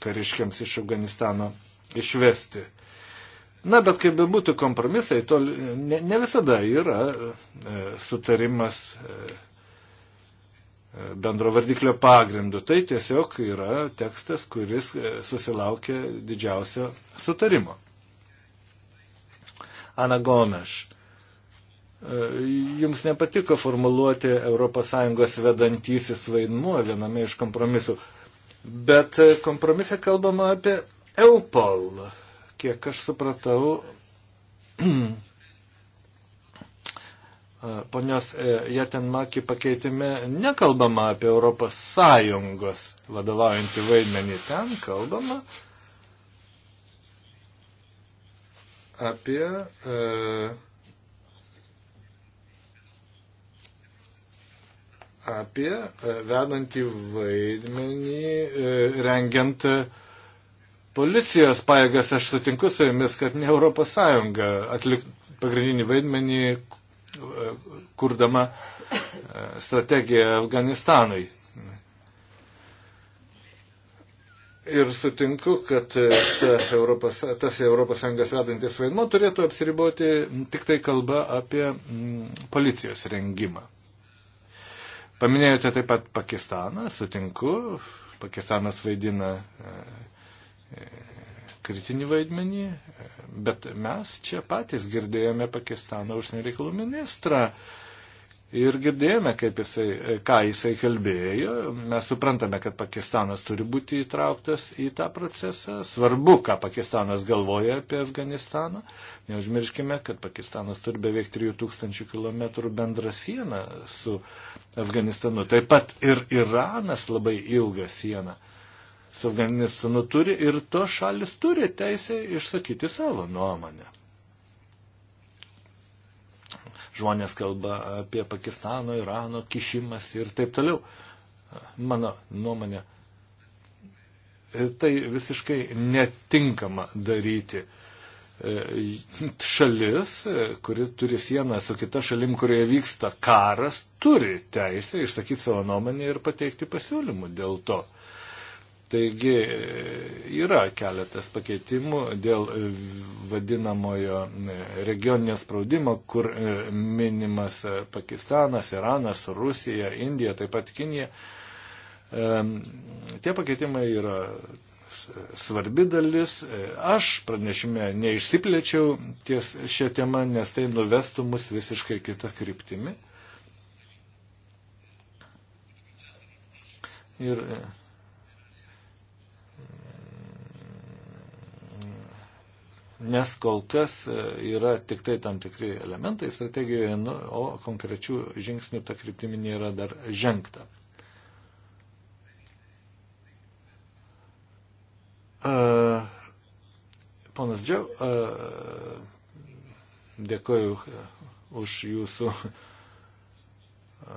kariškiams iš Afganistano išvesti. Na, bet kaip bebūtų kompromisai, to ne, ne visada yra e, sutarimas e, bendro vardiklio pagrindu. Tai tiesiog yra tekstas, kuris e, susilaukė didžiausio sutarimo. Ana Gomeš. E, jums nepatiko formuluoti ES vedantysis vaidmuo viename iš kompromisų, bet e, kompromise kalbama apie EUPOL. Kiek aš supratau, ponios e, Jatenmaki pakeitime nekalbama apie Europos Sąjungos vadovaujantį vaidmenį. Ten kalbama apie e, apie e, vedantį vaidmenį rengiant policijos pajėgas. Aš sutinku su jumis, kad ne Europos Sąjunga atlik pagrindinį vaidmenį kurdama e, strategiją Afganistanui. Ir sutinku, kad e, ta Europos, tas ES vedantis vaidmo turėtų apsiriboti tik tai kalba apie m, mm, policijos rengimą. Paminėjote taip pat Pakistaną, sutinku, Pakistanas vaidina e, kritinį vaidmenį, bet mes čia patys girdėjome Pakistano užsienio reikalų ministrą. Ir girdėjome, kaip jisai, ką jisai kalbėjo. Mes suprantame, kad Pakistanas turi būti įtrauktas į tą procesą. Svarbu, ką Pakistanas galvoja apie Afganistaną. Neužmirškime, kad Pakistanas turi beveik 3000 km bendrą sieną su Afganistanu. Taip pat ir Iranas labai ilgą sieną su Afganistanu turi ir to šalis turi teisę išsakyti savo nuomonę. Žmonės kalba apie Pakistano, Irano kišimas ir taip toliau. Mano nuomonė, tai visiškai netinkama daryti šalis, kuri turi sieną su kita šalim, kurioje vyksta karas, turi teisę išsakyti savo nuomonę ir pateikti pasiūlymų dėl to. Taigi e, yra keletas pakeitimų dėl vadinamojo e, regioninio spaudimo, kur e, minimas Pakistanas, Iranas, Rusija, Indija, taip pat Kinija. Tie pakeitimai yra svarbi dalis. Aš pranešime neišsiplėčiau ties šią temą, nes tai nuvestų mus visiškai kitą kryptimį. Ir nes kol kas e, yra tik tai tam tikri elementai strategijoje, nu, o konkrečių žingsnių ta kryptimi nėra dar žengta. Uh, ponas Džiau, uh, dėkoju už jūsų uh,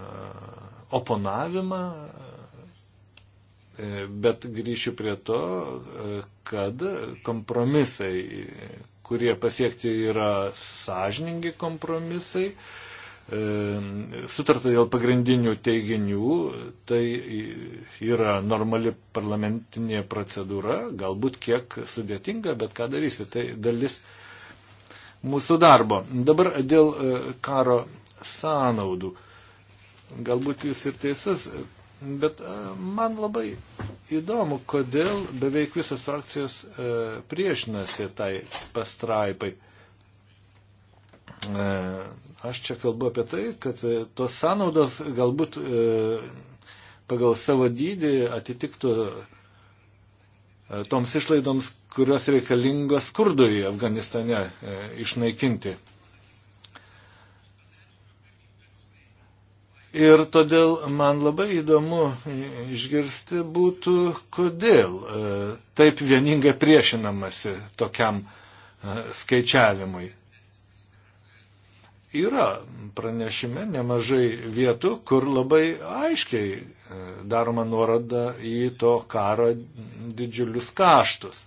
oponavimą. Uh, E, bet grįšiu prie to, e, kad kompromisai, kurie pasiekti yra sąžiningi kompromisai, e, sutarta dėl pagrindinių teiginių, tai yra normali parlamentinė procedūra, galbūt kiek sudėtinga, bet ką darysi, tai dalis mūsų darbo. Dabar dėl karo sąnaudų. Galbūt jūs ir teisus, Bet e, man labai įdomu, kodėl beveik visos frakcijos e, priešinasi tai pastraipai. E, aš čia kalbu apie tai, kad tos sąnaudos galbūt pagal savo dydį atitiktų toms išlaidoms, kurios reikalingos skurdui Afganistane išnaikinti. Ir todėl man labai įdomu išgirsti būtų, kodėl e, taip vieningai priešinamasi tokiam e, skaičiavimui. Yra pranešime nemažai vietų, kur labai aiškiai e, daroma nuoroda į to karo didžiulius kaštus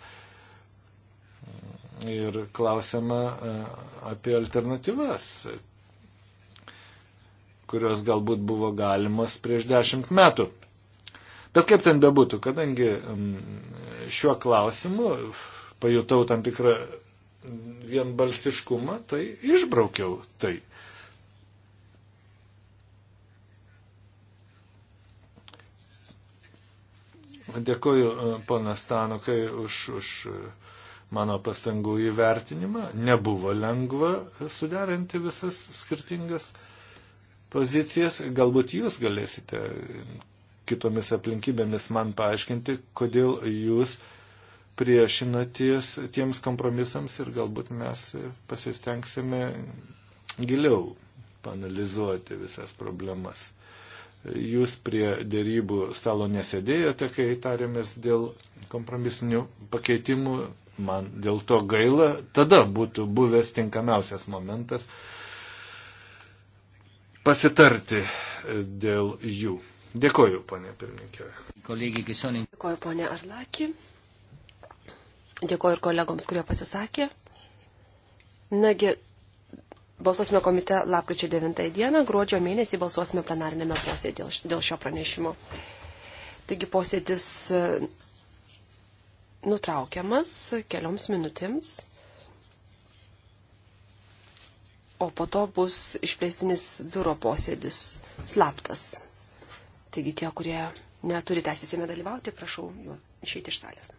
ir klausiama apie alternatyvas kurios galbūt buvo galimas prieš dešimt metų. Bet kaip ten bebūtų, kadangi mm, šiuo klausimu pajutau tam tikrą vienbalsiškumą, tai išbraukiau tai. Dėkuoju e, ponas Stanukai už, už e, mano pastangų įvertinimą. Nebuvo lengva suderinti visas skirtingas pozicijas. Galbūt jūs galėsite kitomis aplinkybėmis man paaiškinti, kodėl jūs priešinaties tiems kompromisams ir galbūt mes pasistengsime giliau panalizuoti visas problemas. Jūs prie dėrybų stalo nesėdėjote, kai tarėmės dėl kompromisinių pakeitimų, man dėl to gaila, tada būtų buvęs tinkamiausias momentas pasitarti e, dėl jų. Dėkoju, ponė pirmininkė. Dėkoju, ponė Arlaki. Dėkoju ir kolegoms, kurie pasisakė. Nagi, balsuosime komite lapkričio 9 dieną, gruodžio mėnesį balsuosime plenarinėme posėdėje dėl, dėl šio pranešimo. Taigi posėdis e, nutraukiamas kelioms minutėms o po to bus išplėstinis biuro posėdis slaptas. Taigi tie, kurie neturi teisės jame dalyvauti, prašau jų išeiti iš salės.